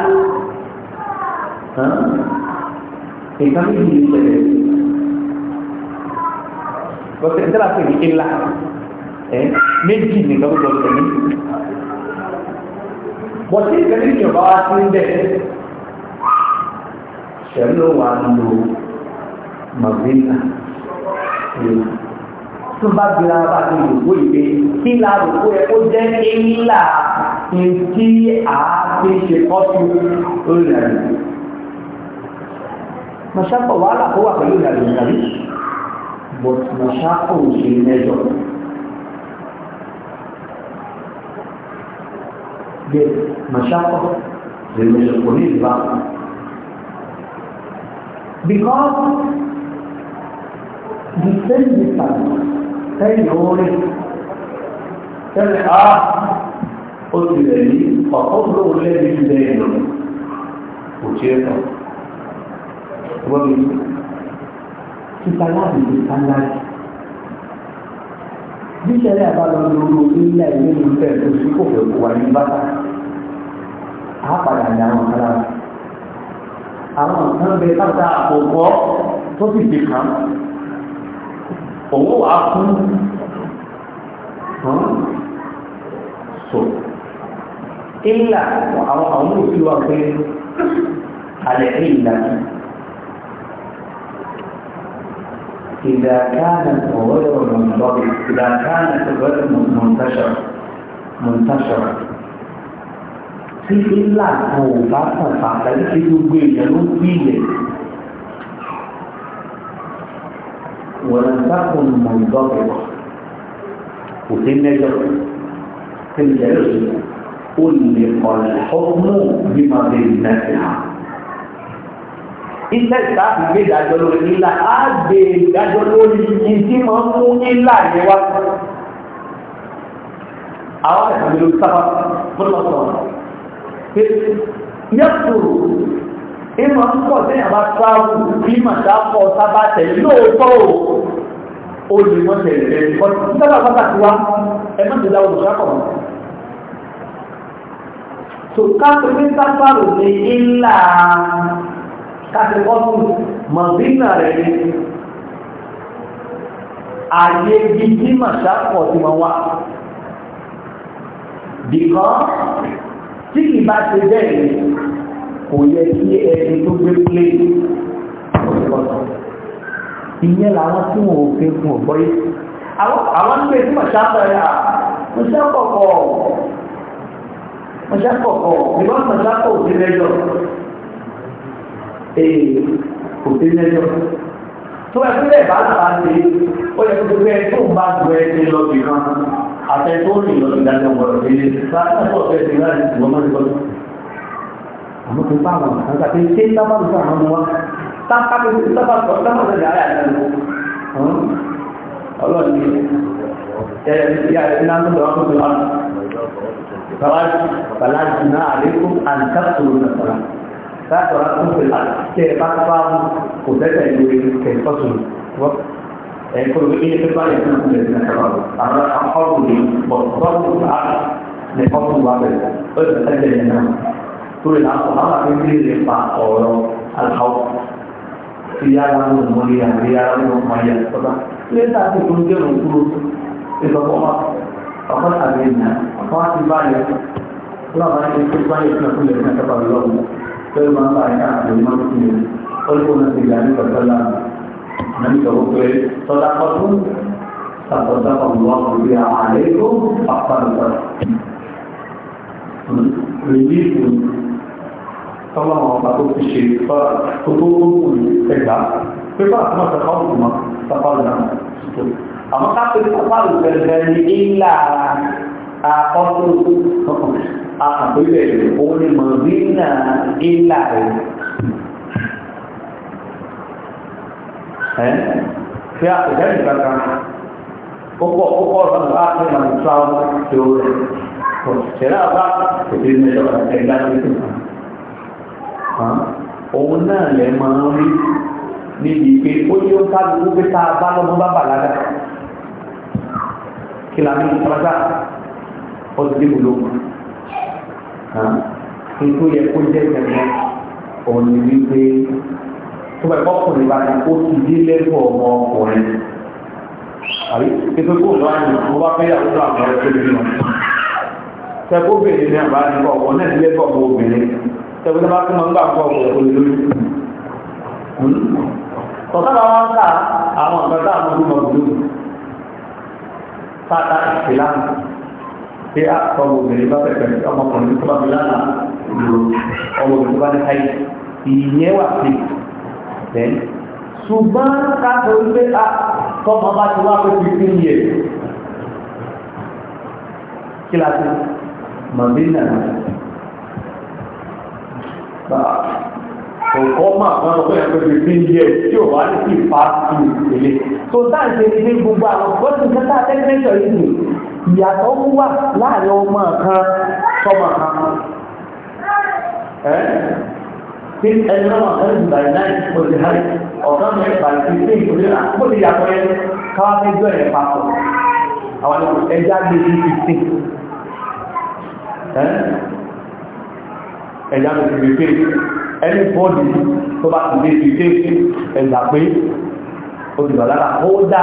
Speaker 1: nǹkan ini ti ṣẹlẹ̀ lọ́sẹ̀ ní tẹ́lá eh, ní ni ẹ méjì nìkan tó lọ sẹ̀mí. bọ̀dé ìgbẹ́ni ìjọba wa ti ń bẹ̀ ṣẹ̀lú wa ini, lo màgbéńtà tó bá gbéra bá ti lòpó ìgbé mọ̀ṣápọ̀ wàhálà kó wà pẹ̀lú ìrìnàjò ìrìnàjò but mọ̀ṣápọ̀ ò ṣe mẹ́jọ. Bẹ́ẹ̀ mọ̀ṣápọ̀ lè mẹ́jọ kò Because the same distance tẹ́lẹ̀ orí tẹ́lẹ̀ ah, ó ti rẹ̀ ní ọ̀pọ̀ boleh lẹ́yìn lẹ́yìn lọ wọ́n mi kíkà láti lè ká láti. bí sẹ́lẹ̀ àbálọ́ lóru nílẹ̀ ilé mi fẹ́ tó sí kò fẹ́ kó wà ní bàtà á padà ní àwọn kan lára. àwọn kan bẹ káta àkókò tó sì ti kàn òun wà kú so illa àwọn àwọn òfin wa pé alẹ́ ìlànà إذا كانت غير منضبط إذا كانت غير منتشرة منتشرة في إلا قوبات الفاتحة في دبي يلوكي ولم تكن منضبطة وتم يجب تم يجب قل الحكم بما بين نفسها iṣẹ́ ìsáàbù gbé ìdájọ́ lórí nílà á gbé ìdájọ́ lórí yìí tí wọ́n mú nílà yẹn wá. àwọn ẹ̀sìn ló sábà múlò sọ̀rọ̀ pé yẹ́pùrù ìmọ̀ ń pọ̀ sí àbá sáàbù kí màtá pọ̀ sábà tẹ̀lé lóòótọ́ o ó lè mọ́ tẹ̀lé rẹ̀ ní sábà ní ìlà káṣẹ kọ́tù mọ̀bínà rẹ̀ ní ààyè gidi màṣàpọ̀ tí wọ́n wá bìkan tí kì bá ṣe bẹ́ẹ̀ kò yẹ kí ẹni tó gbé plé ìyẹn làwọn tí wọn ò fi fún ọgbọ́ yìí àwọn ń gbé tí màṣàpọ̀ rẹ̀ à ìbọn màṣàpọ̀ òsì lẹ́jọ́ ee kò sí lẹ́jọ́ tó ẹ fúnlẹ̀ bá bá ṣe ó yẹ kó fẹ́ tó ń bá ju ẹ ṣe lọ sí kan àtẹ tó ń rìn lọ sí ìdájọ́ ọ̀rọ̀ ilé bá a sọ fẹ́ ṣe láti ṣùgbọ́n má ti gbọ́dọ̀ àmọ́ tó bá wọn àgbà pé ṣé sábà ń sọ àwọn ọmọ wa sábà sábà sọ sábà sọ yàrá yàrá lọ ọlọ́run ni ẹ̀yẹ ti yára ní náà lọ́wọ́ tó lọ́wọ́ Fọwọ́ Fọlá Jùmọ́ Àlékún àti Kápsùlù Nàìjíríà láti ọ̀rá tó fẹ́ láti kí ẹ bá tó bá mú kò tẹ́tẹ̀ ìwé kẹ̀kọ́tù wọ́n ẹ̀kọ́ ìwé ilé pépà yẹn náà kúlẹ̀ ní ẹ̀kọ́ àwọn akọ́rù ní bọ̀tọ́tù bá ní ọ̀tù wà bẹ̀rẹ̀ ó sì tẹ́tẹ̀ yẹn náà tó lè láàpọ̀ bá wàá fi lè pa ọ̀rọ̀ aláwọ̀ tí yára mú mọ́lé àti yára mú mọ́lé àtọ́lá ilé tàbí tó ń dẹ̀rùn kúrò ìsọ̀kọ́ ọkọ̀ tàbí ìnà ọkọ̀ àti báyìí lọ́wọ́ àti ìpínlẹ̀ ìpínlẹ̀ ìpínlẹ̀ ìpínlẹ̀ sai ma sa ina da liman ne farko na tijani ka sallah nan da hukai sadaqatu tasaddaqa Allahu biha alaykum afdal release tọ́lọ́mọ ọba tó ti ṣe tó tó tó kù ẹgbà pépà tó máa tẹ̀kọ́ ọ̀dùn mọ́ sáfàlù náà tó àwọn káfíńtì sáfàlù gẹ̀gẹ̀ ní ilà àkọ́kọ́ àpèjẹ òun ni mọ̀dínà ilà rẹ̀ ẹ́ fi àpèjẹ ìgbàgbà ó pọ̀ ó pọ̀ ọ̀rọ̀ nípa pé màá ní tíwá tí ó rẹ̀ kò ṣẹlẹ̀ àbá ètò ìmẹ̀jọ ẹ̀dá tó tó kàn òun náà lẹ̀ máa ń rí níbi pé ó ní ó kálukú pé tá a bá lọ́mọ bá bàlágà kí la ní ìtọ́jà ó ti dé ìlú òkú ètò yẹ kó jẹ́ tẹ̀lé òní wípé tó bá ẹ̀kọ́ kùnrin bá ta ó ti dé lẹ́gbọ̀ ọmọ ọkùnrin àbí ètò kó lọ́wọ́ àyè mo bá fẹ́ yàtọ̀ tó àwọn ẹgbẹ́ mi lọ. tẹ́kọ̀ obìnrin ní àbá ní ọkọ̀ náà ilé ẹ̀kọ́ ọmọ obìnrin tẹ́kọ̀ náà bá tún máa ń gbà fọ́ ọkọ̀ olórí. tọ́tà bá wọn ká àwọn ọ̀gá tá àwọn ọdún mọ̀ pé àtọ́wò obìnrin bá fẹ́ pẹ̀lú ọmọkùnrin tó bá mi lánàá ìlú ọmọ obìnrin tó bá ní káyì ìyẹn wà sí then ṣùgbọ́n káàkiri wípé a tọ́mọ bá ti wá pé fi fún yẹ kí la ti màmí nàá òkọ́ máa wọ́n lọ fẹ́ pẹ̀lú ìpínlẹ̀ tí ò wá ní sí fásitì ìpínlẹ̀ tó dáǹtẹ̀ ní gbogbo àwọn gbọ́dọ̀ nígbà tẹ́gbẹ́sọ̀ yìí ìyàtọ̀ ń wà láàrin ọmọ kan sọmọ kan ẹ́ tí ẹni náà ẹni tí bàrẹ̀ náà kò lè hàrí ọ̀gán mi bàrẹ̀ tí tí ìkòlè rà kó lè yàtọ̀ yẹn káwá méjọ yẹn papọ̀ àwọn ẹja gbé sí fifty ẹ́ ẹja gbé sí fifty ẹni bọ́ọ̀dì tó bá ti gbé fifty ẹ̀dà pé olùdọ̀lára ó dá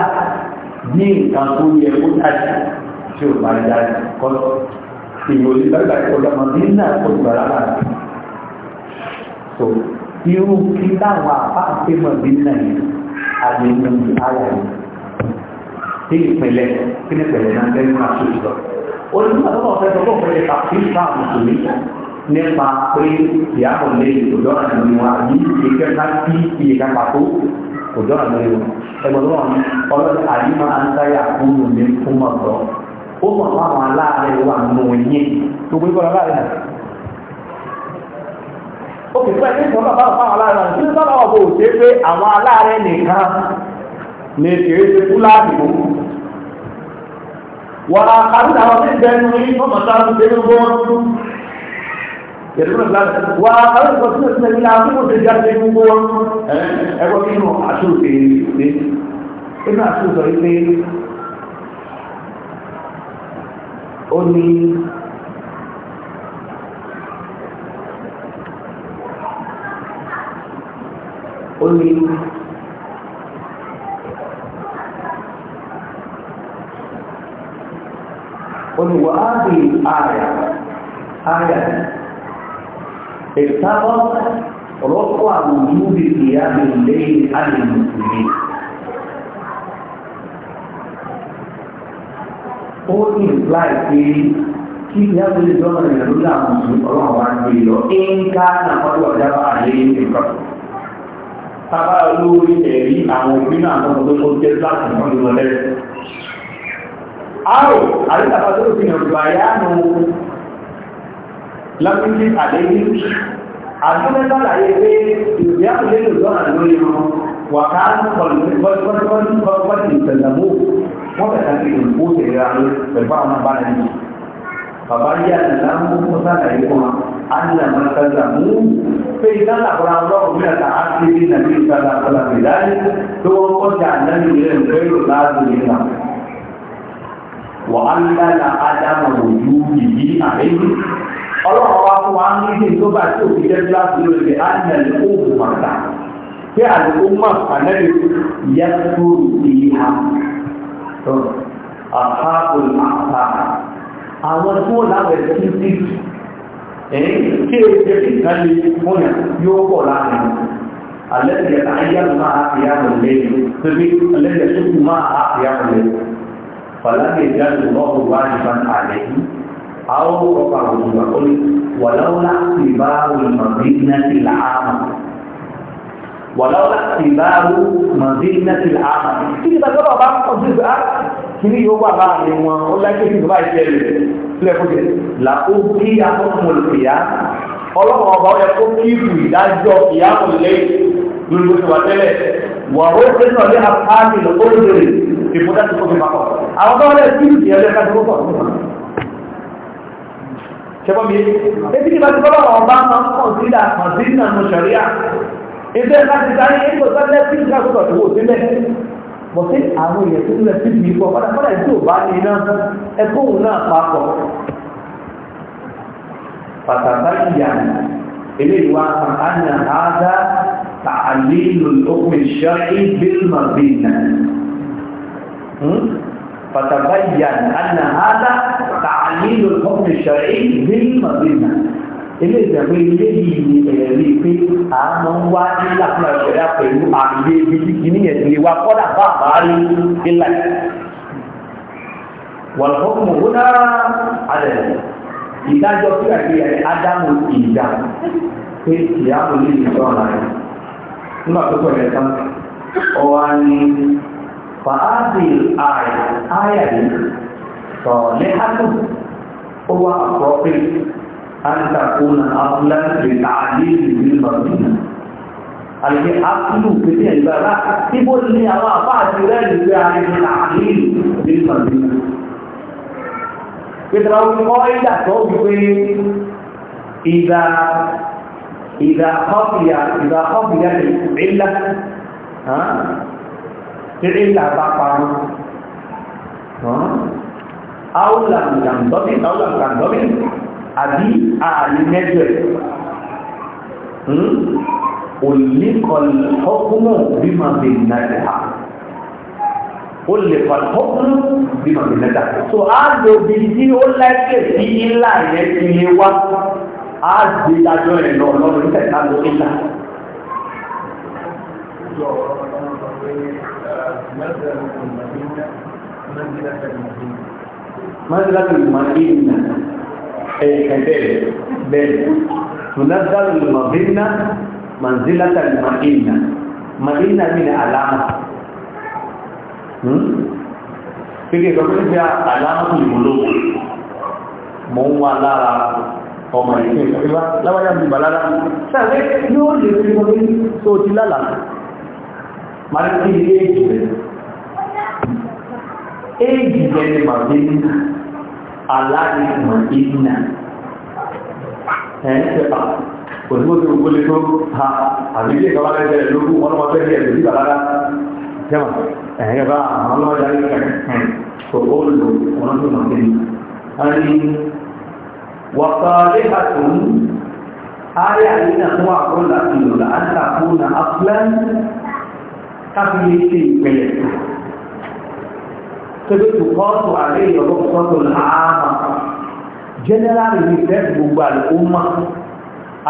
Speaker 1: ní nǹkan tó yẹ kó dájú tí ó máa yá kọ́ ìwò ìgbàgbà ìkọlọmọ nínú àkọlùbàrà náà so irú kí táwọn apá àtẹ́mọ̀ nínú yìí àgbẹ̀mọ̀ ní àyà yìí ní ìpínlẹ̀ kí ní pẹ̀lẹ̀ náà tẹ́lẹ̀ máa tó ìjọ olùdókòwò tó ọ̀fẹ́ tó kọ̀ fẹ́lẹ̀ kàfí sáà mùsùlùmí nípa pé ìyàbọ̀ lé ìdòdó ọ̀nà ní wa ní ìkẹ́kẹ́ kí iye kan pàtó òdó ọ̀nà ní wa ẹgbẹ̀rún ọlọ́dún àyíká ń sáyà fún ọ̀dọ́ ó mọ̀ àwọn aláàrẹ wà nù yín gbogbo ìgbọ́n aláàrẹ náà ó fi pẹ́ nípa ọlọ́pàá àwọn aláàrẹ náà nígbà náà ọ̀bọ̀ ò ṣe pé àwọn aláàrẹ nìkan lè kéré ṣe fúláàbì mú wà á kàrí àwọn tí ń bẹ nínú yín ọmọ sáà ń bẹ nínú wọn yẹtùmọ̀ ìlànà wà á kàrí ọmọ sáà ń bẹ nínú ó ní ó ní ó ní wà á bí ààrẹ ààrẹ ìtàbọ̀ rọ́pọ̀ àwọn ìlú bí ìyá mi lẹ́yìn ó ní ìpláì pé kí ìyáwó lè dọ́nà rẹ̀ lórí àwọn mùsùlùmí ọlọ́run wá ń gbé lọ ẹ̀ńká náà wọ́n lọ dábà àyè nípa. Bàbá olórí ẹ̀rí àwọn òbí náà lọ́mọ tó kó jẹ́ láti wọ́n lọ lẹ́rẹ̀. Àrò àríkàtà tó fi hàn gbà yá nù lọ́pínlẹ̀ àdéhùn. Àdúgbẹ́ sàlàyé pé ìyáwó lè dọ́nà lórí wọn wà ká ń kọ̀lù wọ́n bẹ̀rẹ̀ sí ìlú ó tẹ̀lé ara ló pẹ̀lú àwọn náà bá rẹ̀ nìyí. bàbá yí àdìlá ń mú fún sàlàyé fún wa á ní àwọn sàlà mú pé ìdáhà àbúrò ọlọ́run ní àtà á ti rí nàbí ìsàlà àbúrò ìdáyé tó wọ́n kọjá àdáni ìrẹ́ ìfẹ́rò láàbù nígbà. wà á ní lára ádámà òjú yìí àbẹ́yìn ọlọ́run wa fún wa ń rí àpapọ̀ àpá àwọn tó láwẹ̀ tí tí ẹ̀yìn tí èdè ìkàlẹ̀ fúnyà yóò pọ̀ láàrin alẹ́gbẹ̀ẹ́ àyàmù máa àfíà mọ̀lẹ́ tóbi alẹ́gbẹ̀ẹ́ tó kù máa àfíà mọ̀lẹ́ fàlágbẹ̀ wàláwọ́ láti báàrú màdínì náà ti là á. kí ni bàtà bàbá ń kọjú ìgbà kí ni yóò wà láàrin wọn ó láyé kí ìgbà ìṣẹ̀lẹ̀ lẹkọjẹ là ó kí akókòmọlùkìyà ọlọ́wọ́ ọba ó yẹ kó kí ìlú ìdájọ́ ìyá kò lé lórí oṣù wa tẹ́lẹ̀ wà ó ṣe náà lé apáàdì lọ́kọ́lùdèrè ìfúdá tó kọ́ fi máa kọ́ àwọn tó wọlé kí ìlú ìyẹn lẹ́ka tó kọ́ ṣẹ́gbọ́n mi ebi ni bàtà bàbá ọba máa ń kọ̀ sí ìdá àmàdínà nù sàríà ìfẹ́ láti sáré ní kò sáré tí nǹkan tó tọ̀tù wò sílẹ̀ mọ̀ sí àwọn èèyàn tó lẹ̀ sí ìbí pọ̀ pátápátá ìdí ò bá ní iná ẹkọ́hùn náà papọ̀ pàtàkì ìyá eléyìí wá àná àádá tààlílù lópin ṣáì bílmà bínà hmm? pàtàkì ìyá àná àádá tààlílù lópin ṣáì bílmà bínà ilé ìgbàgbé ilé yìí ni ẹ̀rí pé a máa ń wá nílà fún ẹ̀rọ pẹ̀lú àmì ibi tí kìíní yẹn ti lè wá kọ́dà bá àbá rí nílà yìí. wọ́n fọ́ mọ̀ ó náà adẹ̀ ìdájọ́ tí a ti yẹ ádámù ìjà pé ìyáàmù ní ìjọ ọ̀la nígbà tó kọ̀ yẹn ọ̀wá ni fàáàbì àyà àyà yìí sọ̀ọ́ lẹ́hàtù ó wà àpọ̀pẹ́ antakuna aflan bin ta'adil bil madinah alike aflu ketika ibarat timbul ni awak apa ajaran juga hari ta'adil bil madinah kita tahu kaidah kau إذا إذا خفي إذا خفي العلة ها العلة بقى ها Aulang لم ينضبط aulang لم تنضبط àbí ààrí mẹ́jọ ẹ̀ òní hmm? kọlù ọkùnmọ̀ bí máa bè nàìjíríà ha ó lè kọlù ọkùnmọ̀ bí máa bè nàìjíríà so a lò bí tí ó lẹ́kẹ̀ sí ilá yẹn ti lè wá a gbé dájọ́ ẹ̀ lọ lọ́dún ní tẹ̀sán ló ń là. Mọ́sílá tó lè máa ń gbé ìrìnà ẹ̀yẹ̀kan bẹ́ẹ̀ bẹ́ẹ̀ tunazzalu al-madinna manzilata al-madinna madinna min alama kéde ìgbà pé bí alama kò lè múlò mọ̀ ń wà lára ọmọ ìpín ìgbà láwáyà bí balára sáré yóò lè fi aláìmọ̀ ìdínà ẹ̀yìn tẹ́pà kò sí mọ́sí gbogbo lè tó ha àbí ilé ìkọwà lẹ́gbẹ̀ẹ́ lókù wọn lọ́wọ́ fẹ́ díẹ̀ lórí bàbára jẹ́mà ẹ̀yìn bá àwọn ọlọ́wọ́ darí kẹ̀kẹ́ kò ó lò wọn tó kébé tó kọ́ọ̀tù àlẹ́ ìyọ̀bọ̀ kọ́ọ̀tù làámà jẹ́nẹ́rálì ní fẹ́ gbogbo àlùkùnmá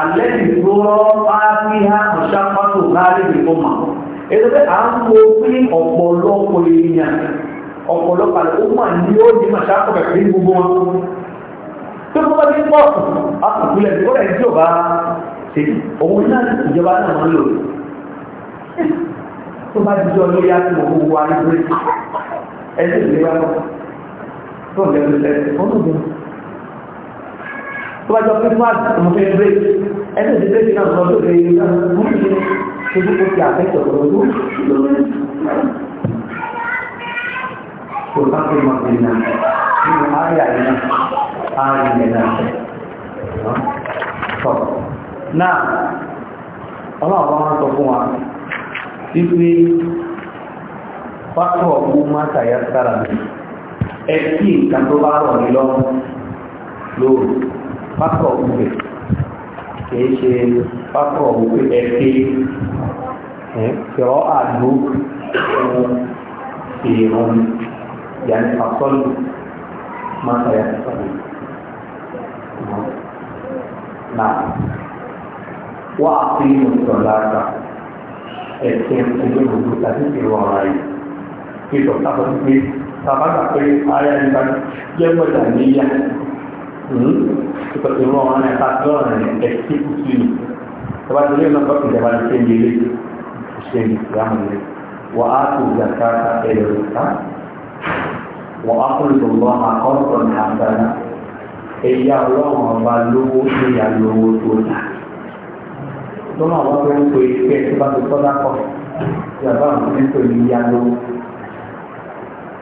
Speaker 1: alẹ́ ìṣòro áfíhá ọ̀ṣàpátò láàrin ìfọ́mà èdè pé à ń wo pé ọ̀pọ̀lọpọ̀ èèyàn ọ̀pọ̀lọpọ̀ àlùkùnmá ni ó ní màṣàkọ̀ pẹ̀lú gbogbo wọn tó kọ́ bá ti pọ̀ àkùkùlẹ̀ tó rẹ̀ jọba ṣe òun náà ìjọba náà máa ń lò tó bá jíjọ lórí àti òkú wa ní ẹsẹ̀ ìlú bá wà tó ń lẹ́nu lẹ́nu wọ́n tó bẹ̀rẹ̀ tó bá jọ pé fún àti mo fẹ́ bẹ́ẹ̀ ẹsẹ̀ ìdí bẹ́ẹ̀ náà lọ tó bẹ̀rẹ̀ yìí náà mo ń ṣe ṣojú kó ti àfẹ́tọ̀ lọ́wọ́ tó bá tó máa bẹ̀rẹ̀ náà nínú ààrẹ àyè náà ààrẹ ilẹ̀ náà tọ̀ náà ọlọ́run wọn sọ fún wa wípé fáwọn ọ̀gbọ́n má tàyà sára mi ẹ kí nǹkan tó bá rọ̀ mí lọ́wọ́ lóòrù fáwọn ọ̀gbọ́n bẹ̀ kìí ṣe fáwọn ọ̀gbọ́n ẹ pé kìrọ́ àdó ẹ̀wọ̀n ìrọ̀n yàní àsọ́lù má tàyà sára mi. Nah, wa aqimu sholata. Eh, yang itu buku tadi di ruang lain pé dọ̀tà lọ sí pé sàbàtà pé ayé nípa jẹ́ gbọ́dọ̀ níyà ìtọ́jú wọn wọn ní ká tó ọ̀rọ̀ ní ẹ̀kí kù sí i ìjọba tó lé lọ́kọ́ ìjọba ní ṣe ń yẹlé kò ṣe ń yẹlé àmọ́ ní wà á tó zaka ká ẹ̀rọ ká wà á kó lọ lọ́ àkọ́sọ̀ ní àgbàlá ẹ̀yà ọlọ́run ọba lówó ẹ̀yà lówó tó dà lọ́nà àwọn tó ń pè é bá tó tọ́ dákọ̀ ìjọba àwọn tó ń lówó.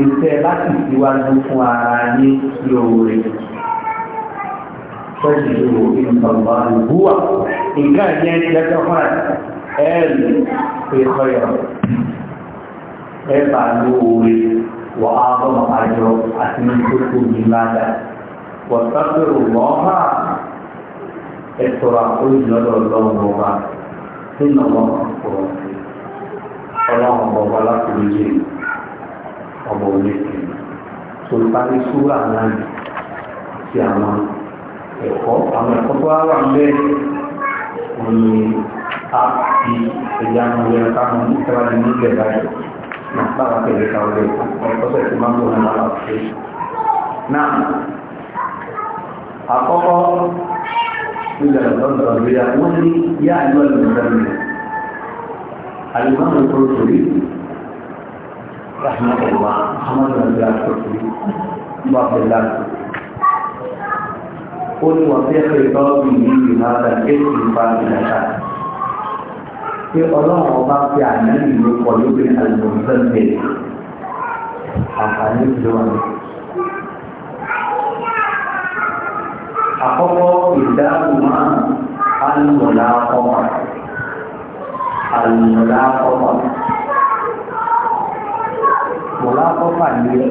Speaker 1: ìfẹ́ láti síwájú fún ara ní lóore fẹ́ẹ̀sì ló ìgbàgbà ìbúwà nǹkan ìyẹn lẹ́jọ́ fún ẹ̀ẹ́lì ìkọ́ ìrọ̀ ẹ̀bà lóore wà á bọ́mọ̀ àjọ àti mẹ́kókò ní ládà wọ̀tọ́pẹ̀rù lọ́mà ọlọ́run ọba láti lóye ọmọ oníṣẹ́ tó parí súrà náà ti àwọn ẹ̀kọ́ àwọn ẹ̀kọ́ tó wá wà bẹ́ẹ̀ wọ́n ní a fi ẹ̀yà àwọn ẹ̀rọ káwọn ìtẹ́wájú nílẹ̀ báyìí náà báwa tẹ̀lé ká ọ̀rẹ́ ọ̀pọ̀lọpọ̀ tó máa ń bọ̀ náà wà pé náà àkọ́kọ́ ilẹ̀ ọ̀dọ́ ìgbéyàwó ní yá ìlú ẹ̀lú ìgbéyàwó tó rí رحمه الله حمد الله شكري وعبد الله قل وفي خطابه بهذا الاسم فاضلتان في ọlọ́run ọba fi ànábì ló pọ̀ lórí àlùmọ́sẹ́lẹ̀ àǹfààní ìjọba àkọ́kọ́ ìdáhùn máa alùmọ̀lá ọmọ alùmọ̀lá ọmọ kò lákọ́fà ní pé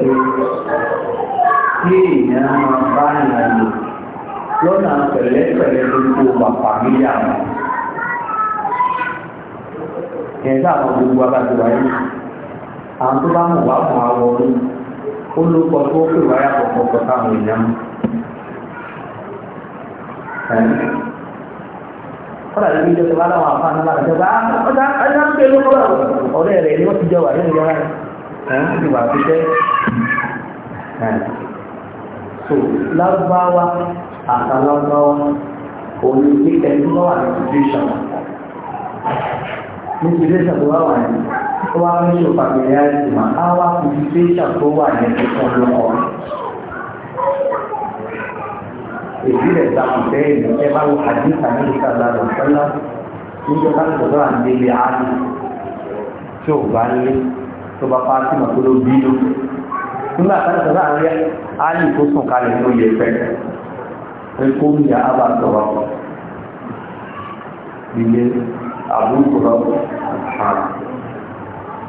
Speaker 1: kí èèyàn máa bá ìrìn àjò lọ́nà pẹ̀lẹ́pẹ̀lẹ́ gbogbo bàbá níyà wọn. Ìyẹn tí àwọn gbogbo abájọ wáyé, àwọn tó bá mọ̀ wá mọ̀ àwọ̀ orí, ó ló kọ tó pè wáyà kọ̀ọ̀kan kọ̀ táwọn èèyàn mọ̀. Kọ́lá ìlú ìjọba láwọn àfáàná lára ìjọba, ah, ọjà ń pè lóko ọ̀rẹ́ rẹ̀ ni wọ́n ti jọ wà nínú yàrá rẹ̀ ẹ̀hún ti wà fífẹ́ so lárúbáwá àtàlárúbáwá òun ni pé ẹni tó wà ní situation ní situation tó wà wà ní tó wà ní ìlú familiarity mà á wà ní situation tó wà ní ẹ̀kọ́ lọ́kọ́ èyí rẹ̀ dàkùtẹ́ ìlú ẹ bá wọ àdínkà ní ìsàlá lọ́sọ́lá níjọba ìjọba àti ilé àádùn tí ò bá lé tó bá Fátímà tó ló bínú nígbà táwọn sọ̀rọ̀ àwọn yẹ áyì tó sùn kalẹ̀ ní oyè fẹ́ ẹkọ ń yà ábà sọ̀rọ̀ ilé àbúrò sọ̀rọ̀ àrùn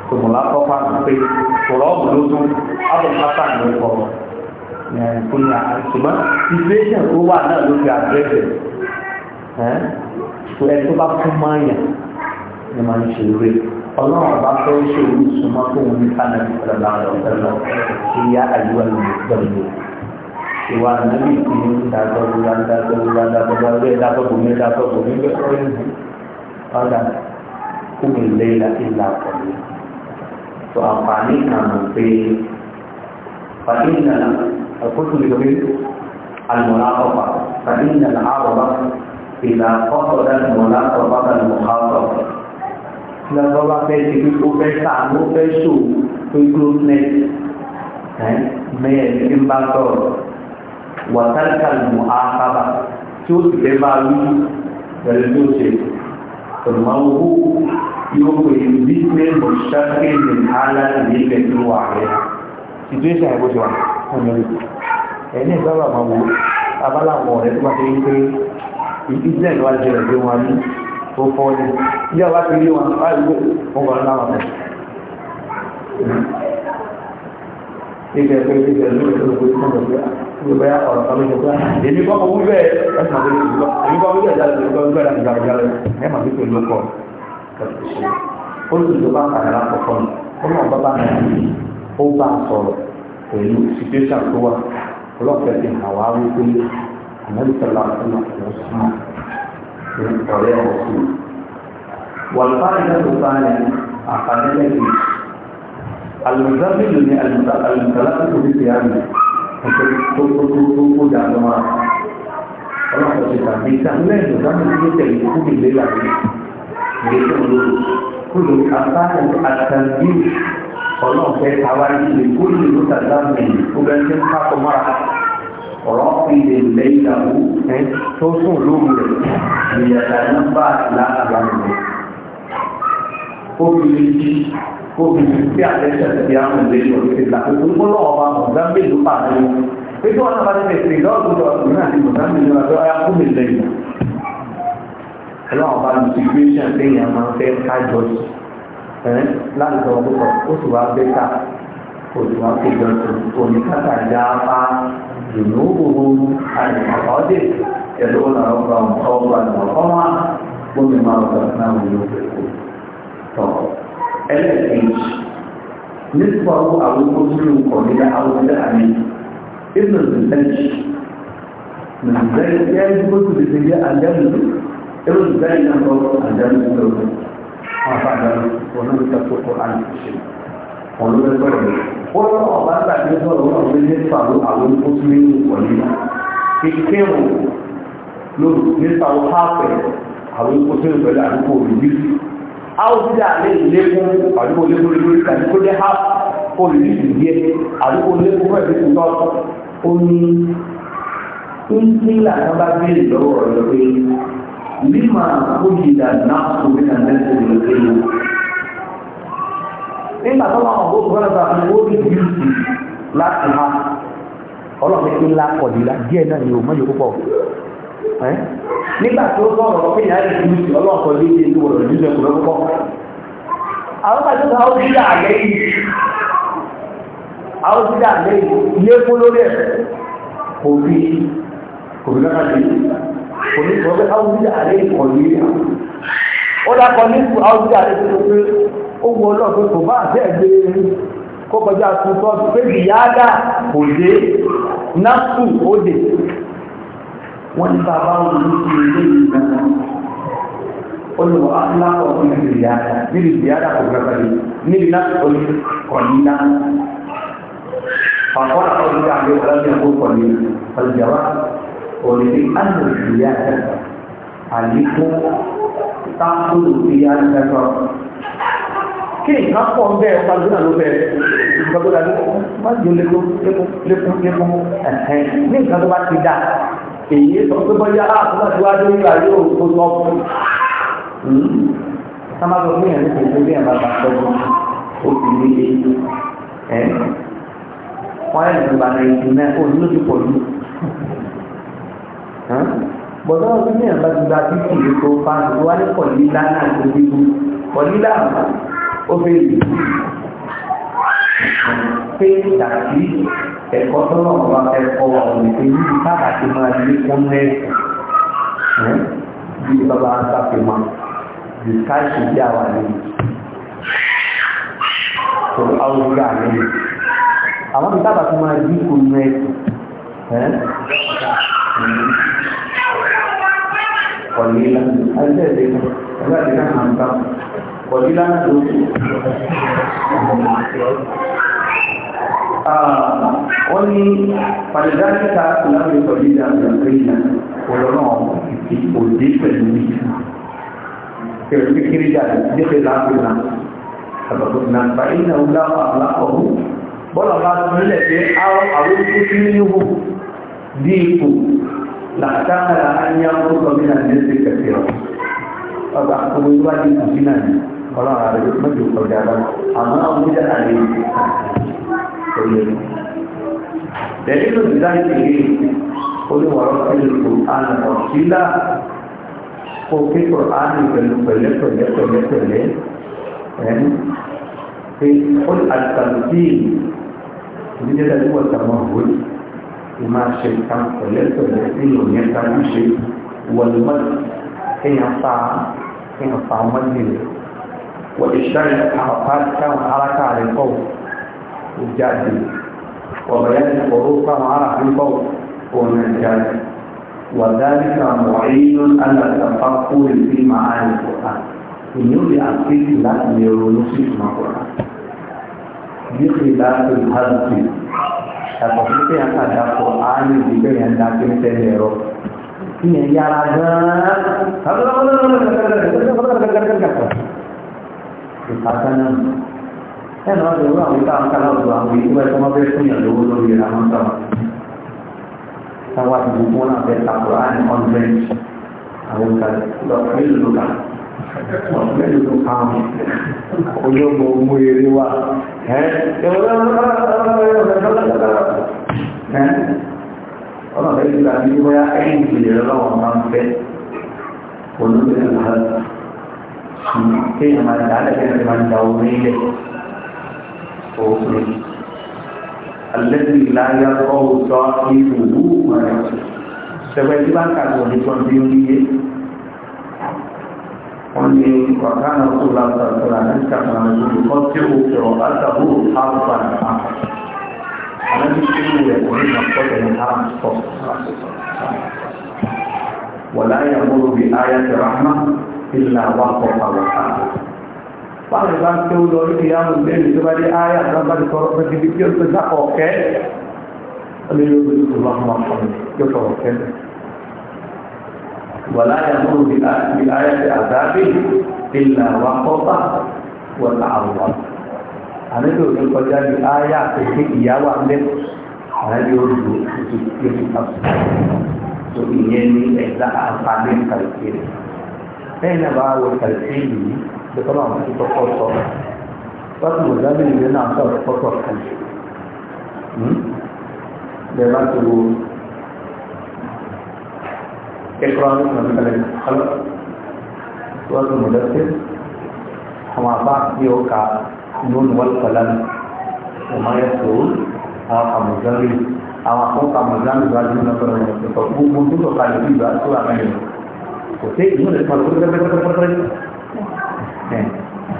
Speaker 1: tòmùlá kọ́fà pé sọ̀rọ̀ ọ̀bùn ló tún ábùkátà ló kọ̀ ẹ̀kọ́ ní àṣùgbọ́n ìgbésẹ̀ tó wà náà ló fún máa yàn ni ọlọ́run bá fẹ́ ṣe òun ìsúnmọ́ tó ń ní kánà ìfọ̀lọ́lá ọ̀tẹ́lọ ìyá àyíwá ló gbẹ̀lú ìwà nàbí ti ń dàgbọ́ lóra dàgbọ́ lóra dàgbọ́ lóra bẹ́ẹ̀ dàgbọ́ bò mí dàgbọ́ bò mí bẹ́ẹ̀ ọ́ yẹn ọ̀dà kó mi lé ìlà pẹ̀lú tó àǹfààní kan mọ̀ pé fàdínà àkóso ìgbé àlùmọ́lá ọ̀pá fàdínà àrọ̀bá ìlà ọ̀pọ̀ lọ́dọ̀ bá fẹ́ ṣe kí ó fẹ́ sàánú ó fẹ́ ṣò pé closeness bẹ́ẹ̀ ní bá sọ̀rọ̀ wàtálkàlù àkàbà tí ó sì fẹ́ bá wí pẹ̀lú tó ṣe tòmáwó yóò pè é bísílẹ̀ mọ̀ṣáké ní àlá ìdí pẹ̀lú wà rẹ̀ situation ẹ̀ bó ṣe wà ọ̀nà ẹ̀ ní ìgbà wà máa wò abala tó bá ṣe ń pé ìdílé ìwádìí rẹ̀ gbé wọn ní tó fọ́ ní ìjọ bá ti rí wọn láìwé ọgbọ̀n láwọn mẹ́ ìgbẹ̀ pé ìgbẹ̀ ló ń gbé fún ọgbẹ̀ ìgbẹ̀ ọ̀rọ̀ kan ló gbé èmi kọ́ ọmọ wíwẹ̀ ẹ̀sùn àti ìgbẹ̀ èmi kọ́ wíwẹ̀ ìjà ìgbẹ̀ ọgbẹ̀ ìgbẹ̀ ìgbẹ̀ ìgbẹ̀ ìgbẹ̀ ẹ̀mà pípé ló kọ́ ó sì ló ọlọ́pẹ̀ ti hàn wá wípé àmọ́ ìtọ́lá ọ̀sán وطريق الرسول والقاعدة الثانية عقدية المزمل المتلفظ بالصيام تطلب جامعة ọlọ́pàá ṣe tàbí ìtàlẹ́ ìdọ̀dámi ní tẹ̀lé fún ìlera rẹ̀ gbèsè olóró kúlò àtàkù àtàndí ọlọ́pàá tàbí àmì ìfúgbẹ́ńtì pápọ̀ mọ́ra rọ́pì lè lẹ́yìn àwọn tó sùn lóru rẹ̀ ìyàtà ní bá láàbà rẹ̀. ó fi lè jí ó fi lè fi àtẹ́sẹ̀ sí àwọn ilé ìwọ̀n ti là tó tó lọ́wọ́ bá mozambique ló pàdé wọn. pé kí wọ́n náà bá ti lè pè lọ́ọ̀dù lọ sí náà ní mozambique lọ́wọ́ tó ayá fún mi lẹ́yìn. ọlọ́wọ́ bá lu situation téèyàn máa ń fẹ́ kájọ sí láti sọ ọdún ó sì wá bẹ́ẹ̀ ká òṣùwà kò jọsìn oníkàtà jáfa dùnú òru àìmọ̀kọ́dé ẹ̀rọ làwọn ọgbà ọgbà ọmọ gómìnà ọgbà náà wọlé òkèkò tọ̀ ẹlẹ́ẹ̀kejì nípa owó àwọn oṣù kọ̀ọ̀dé àwùjọ àmì ìlú ìsẹ́jì nàìjíríà yẹn gbogbo ti ti yẹ àjẹmùsọ ẹ̀rọ ìsẹ́jì náà lọ́wọ́ àjẹmùsọ àwọn àjẹmùsọ wọn náà ti tẹ̀kọ́ àjẹmùsọ wọn ló lẹ́gbẹ̀rẹ̀ ó lọ́nà ọ̀bá gbàgbé sọ̀rọ̀ náà ló ní sàlọ́ àwọn tó tún ní ìwọ̀lú náà kékeré ló ní sàlọ́ hápẹ̀ àwọn tó tún ní pẹ̀lú àdúgbò òbí àwọn tí a lè lékún àdúgbò lékún lórí àdúgbò dé háp olùdí ìdíyẹ àdúgbò lékún fún ẹ̀dínkù náà ó ní ń tí làwọn bá gbé ìlọ́wọ́ ọ̀yọ́ pé mímọ̀ àkójì ìdàgbàsókè náà lẹ́sẹ̀ lókè nígbà tó máa wọ́n gbọ́dọ̀ bá mi wọ́n rí bí láti ha ọlọ́run ní ńlá kọ̀dílá díẹ̀ náà ni òun mọ́yò púpọ̀ nígbà tó sọ̀rọ̀ pé ìyá rẹ̀ ti ọlọ́run kọ̀ lé ilé ìwọ̀n rẹ̀ nílẹ̀ kúrẹ́ púpọ̀ àwọn pàṣẹ kan ó dídà àgbẹ̀ yìí àwọn dídà àgbẹ̀ yìí ilé fún lórí ẹ̀ kò rí kò rí lọ́kàn lé kò ní sọ pé àwọn dídà àgbẹ̀ yìí kọ̀ ó wọ ọlọ́pẹ́ kò bá àti ẹ̀gbẹ́ kó kọjá tuntun ọdún pé ìyáàdá kò dé náàtù ó dé wọ́n ní bàbá wọn ní ti ilé ìgbàgbọ́ ó ní wọ́n á ọ̀gbìn níbi ìyáàdá níbi ìyáàdá kò gbàgbọ́ yìí níbi náà ó ní kọ̀ní náà فقال قول الكعب ولم يقل قليلا فالجواب ولأن الزيادة عليكم تحصل زيادة kí nǹkan pọ̀ ń bẹ́ ẹ̀ pàdé náà ló bẹ̀ ẹ̀ nǹkan tó dájú má jò lékún lékún lékún lékún ẹ̀hẹ́n ní nǹkan tó bá ti dà èyí sọ pé bọ́yá àtúntò ah, àti wájú ìgbà yóò tó sọ fún ká hmm. má sọ fún yẹn nípa ìgbésẹ̀ yẹn bàbá tọ́jú òbí ní èyí ẹ̀ wọ́n yẹn ní ìgbà náà èyí náà òun ló ti pọ̀ jù bọ̀dọ̀ ọdún yẹn bá ti gba títì tó fáwọn ìwádìí pọ̀ lílá náà tó ó fẹ́ yìí pé dàbí ẹ̀kọ́ tó lọ́wọ́ bá fẹ́ kọ́ àwọn ìpè níbi tábà ti máa lé kọ́mọ́ ẹ̀sìn bí bàbá sáfẹ́ máa lè káàṣì bí àwà lẹ́yìn tó áwùjá lẹ́yìn àwọn ìta bá máa dín kò ní ẹ̀sìn pọ̀jú lánàá tó kù. Ah, wọ́n ní pàdédáríkà láti pọ̀jú lánàá tó kù ọlọ́nà òdí pẹ̀lú ní pẹ̀lú kékeré jáde dípẹ̀ láàrin náà àbàkùn náà bá iná ọlọ́wọ́ àlápọ̀hù bọ́lá bá nílẹ̀ pé àwọn àwọ́kú sí níhù bí ipò làtàkàrà anyá orúkọ mìíràn ní ẹsẹ̀ kẹfẹ́ ọ̀ ọlọ́run àrẹ méjì kọjá lọ àmọ́ àwọn oúnjẹ àrẹ
Speaker 2: òye lẹ́yìn tó ti
Speaker 1: dáhùn sí ilé olùwọ̀rọ̀ pẹ̀lú Kùránì ọ̀sílá kó kí Kùránì pẹ̀lú pẹ̀lẹ́pẹ̀lẹ́ pẹ̀lẹ́pẹ̀lẹ́ ẹ̀ẹ́n pé ó àtàlùfí ìdíjẹ́ tàbí wọ́n tàmọ̀ òwe ìmá ṣe kan pẹ̀lẹ́pẹ̀lẹ́ nínú ìyẹn tàbí ṣe wọ̀lùmọ́lù kéèyàn fa kéèyàn fa ọmọdé rẹ̀ وإشكال الحركات كان حركة على القول الجاد وبيان الحروف كان على القول ومن الجاد وذلك معين على التفكر في معاني القرآن يريد أن تكلم يرونسي مع القرآن بخلاف الهرب àtọ̀síkè àtàdàpọ̀ ààyè ìgbẹ́ yẹn dá sí tẹ́lẹ̀ ẹ̀rọ. Ìyẹn yára gan-an. ìpàtánà ẹ̀nà ọdún ìwé àwọn ìtàn kálá ọ̀dọ̀ àwọn ìwé ẹ̀kọ́ máa bẹ́ẹ̀ fún ìyàlówó lórí ìlànà sọ́wọ́ táwa ti gbogbo náà bẹ́ẹ̀ takùrọ̀ àní ọ̀nbẹ́ǹtì àwọn ìkàlẹ̀ lọ́pọ̀ nílùú kan ọ̀pẹ́ nílùú kan olóògbé mú eré wa ọ̀nà bẹ́ẹ̀ ti gbà ní wọ́n yá ẹ̀yìn ìpìlẹ̀ lọ́wọ́ máa ń fẹ́ olóògbé náà kéèyàn máa dà á lẹ́gbẹ̀ẹ́ ní máa dà omi lẹ̀ òkè alẹ́bí láyá kọ́ òótọ́ nínú ìlú rẹ̀ sẹ́gbẹ́ tí bá ń kàgbọ̀ nípa bí ó yé wọ́n ní wàkánà tó lásán tó lásán ní kàgbọ̀n lórí kọ́ tí ó kẹ̀rọ látàbó àrùbà nípa àwọn tí ó rẹ̀ kò ní ìmọ̀kọ́tẹ̀ ní àrùn sọ wọ̀láyà mọ́rọ̀ bí áyá tẹ̀rọ ìlà wà pọ̀ àwọn àwọn. Báwo ni bá ń tó lọ lórí ìyá àwọn ìbéèrè tó bá dé ayé àti bá ti sọ̀rọ̀ pẹ̀lú ibi tí ó ti sápọ̀ ọ̀kẹ́? Ọlẹ́ yóò gbé ìlú àwọn àkọlẹ̀ yóò sọ̀rọ̀ kẹ́lẹ̀. Wàlá yà mú bí ayé ti àdábì ìlà wà lẹ́yìn náà bá wọ ìkàlẹ̀ sí ìlú yìí lọ́tọ́ náà ti kọ́kọ́ sọ lọ́tọ́ mọ̀dábì ìlú náà sọ kọ́kọ́ kan hmm? bẹ́ẹ̀ bá ti wo ẹ̀kọ́ àwọn ọmọ ìkàlẹ̀ kọ́lọ́ lọ́tọ́ mọ̀dábì àwọn àbá àti ọkà lónìí wọ́n kọ́lá ọmọ ẹ̀kọ́ àwọn àmọ̀dábì àwọn àkọ́kọ́ àmọ̀dábì bá ti náà sọ̀rọ̀ gbogbo kò sí ìlú rẹ̀ kan pẹ́pẹ́pẹ́pẹ́pẹ́ ẹ̀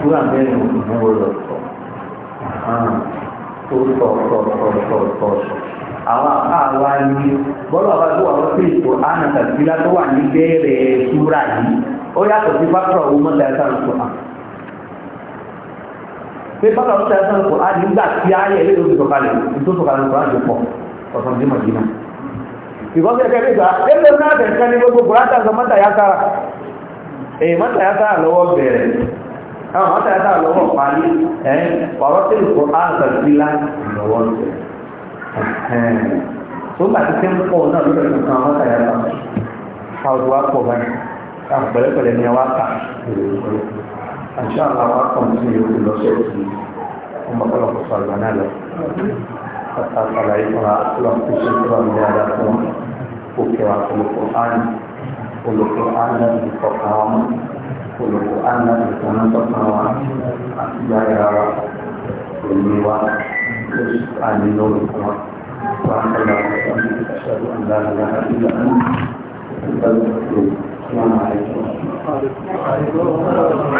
Speaker 1: kúrò àbẹ́rẹ́ ìwọ̀n lọ sọ tó sọ sọ sọ sọ sọ àwọn àwa ni bọ́lá ọba tó wà wọ́n pé ìtò àná tàbí tó wà ní bẹ́ẹ̀rẹ̀ súra yìí ó yàtọ̀ sí pásítọ̀ owó mọ́tà ẹ̀ka lọ́sọ̀ à. pé pásítọ̀ mọ́tà ẹ̀ka lọ́sọ̀ à nígbà tí ayẹyẹ lè lóṣù sọ̀kalẹ̀ tó sọ̀kalẹ̀ sọ̀kalẹ̀ pọ̀ ọ̀sán dé because ẹ̀kẹ́ bí sá ẹgbẹ́ náà tẹ̀kẹ́ ní gbogbo bùrátà sọ mọ́ta ya sára èyí mọ́ta ya sára lọ́wọ́ bẹ̀rẹ̀ àwọn mọ́ta ya sára lọ́wọ́ parí ẹ̀ pọ̀rọ́ tí ìfọ̀ áàsà sí láti lọ́wọ́ bẹ̀rẹ̀ tó bá ti tẹ́ ń pọ̀ náà ló tẹ̀kẹ́ kan mọ́ta ya sára ṣàwùjọ wa pọ̀ báyìí kàkà sàlàyé fúnra lọ́n tó ṣe tó lọ́n dáadáa fún wọn kó kẹwà olùkọ́ ánì olùkọ́ ánì olùkọ́ káwọn olùkọ́ ánì olùkọ́ náà káwọn àti gbáyà ara òní wa lóṣù àní lórúkọ wọn. وأنا أشهد أن لا إله إلا أنت أستغفرك السلام
Speaker 2: عليكم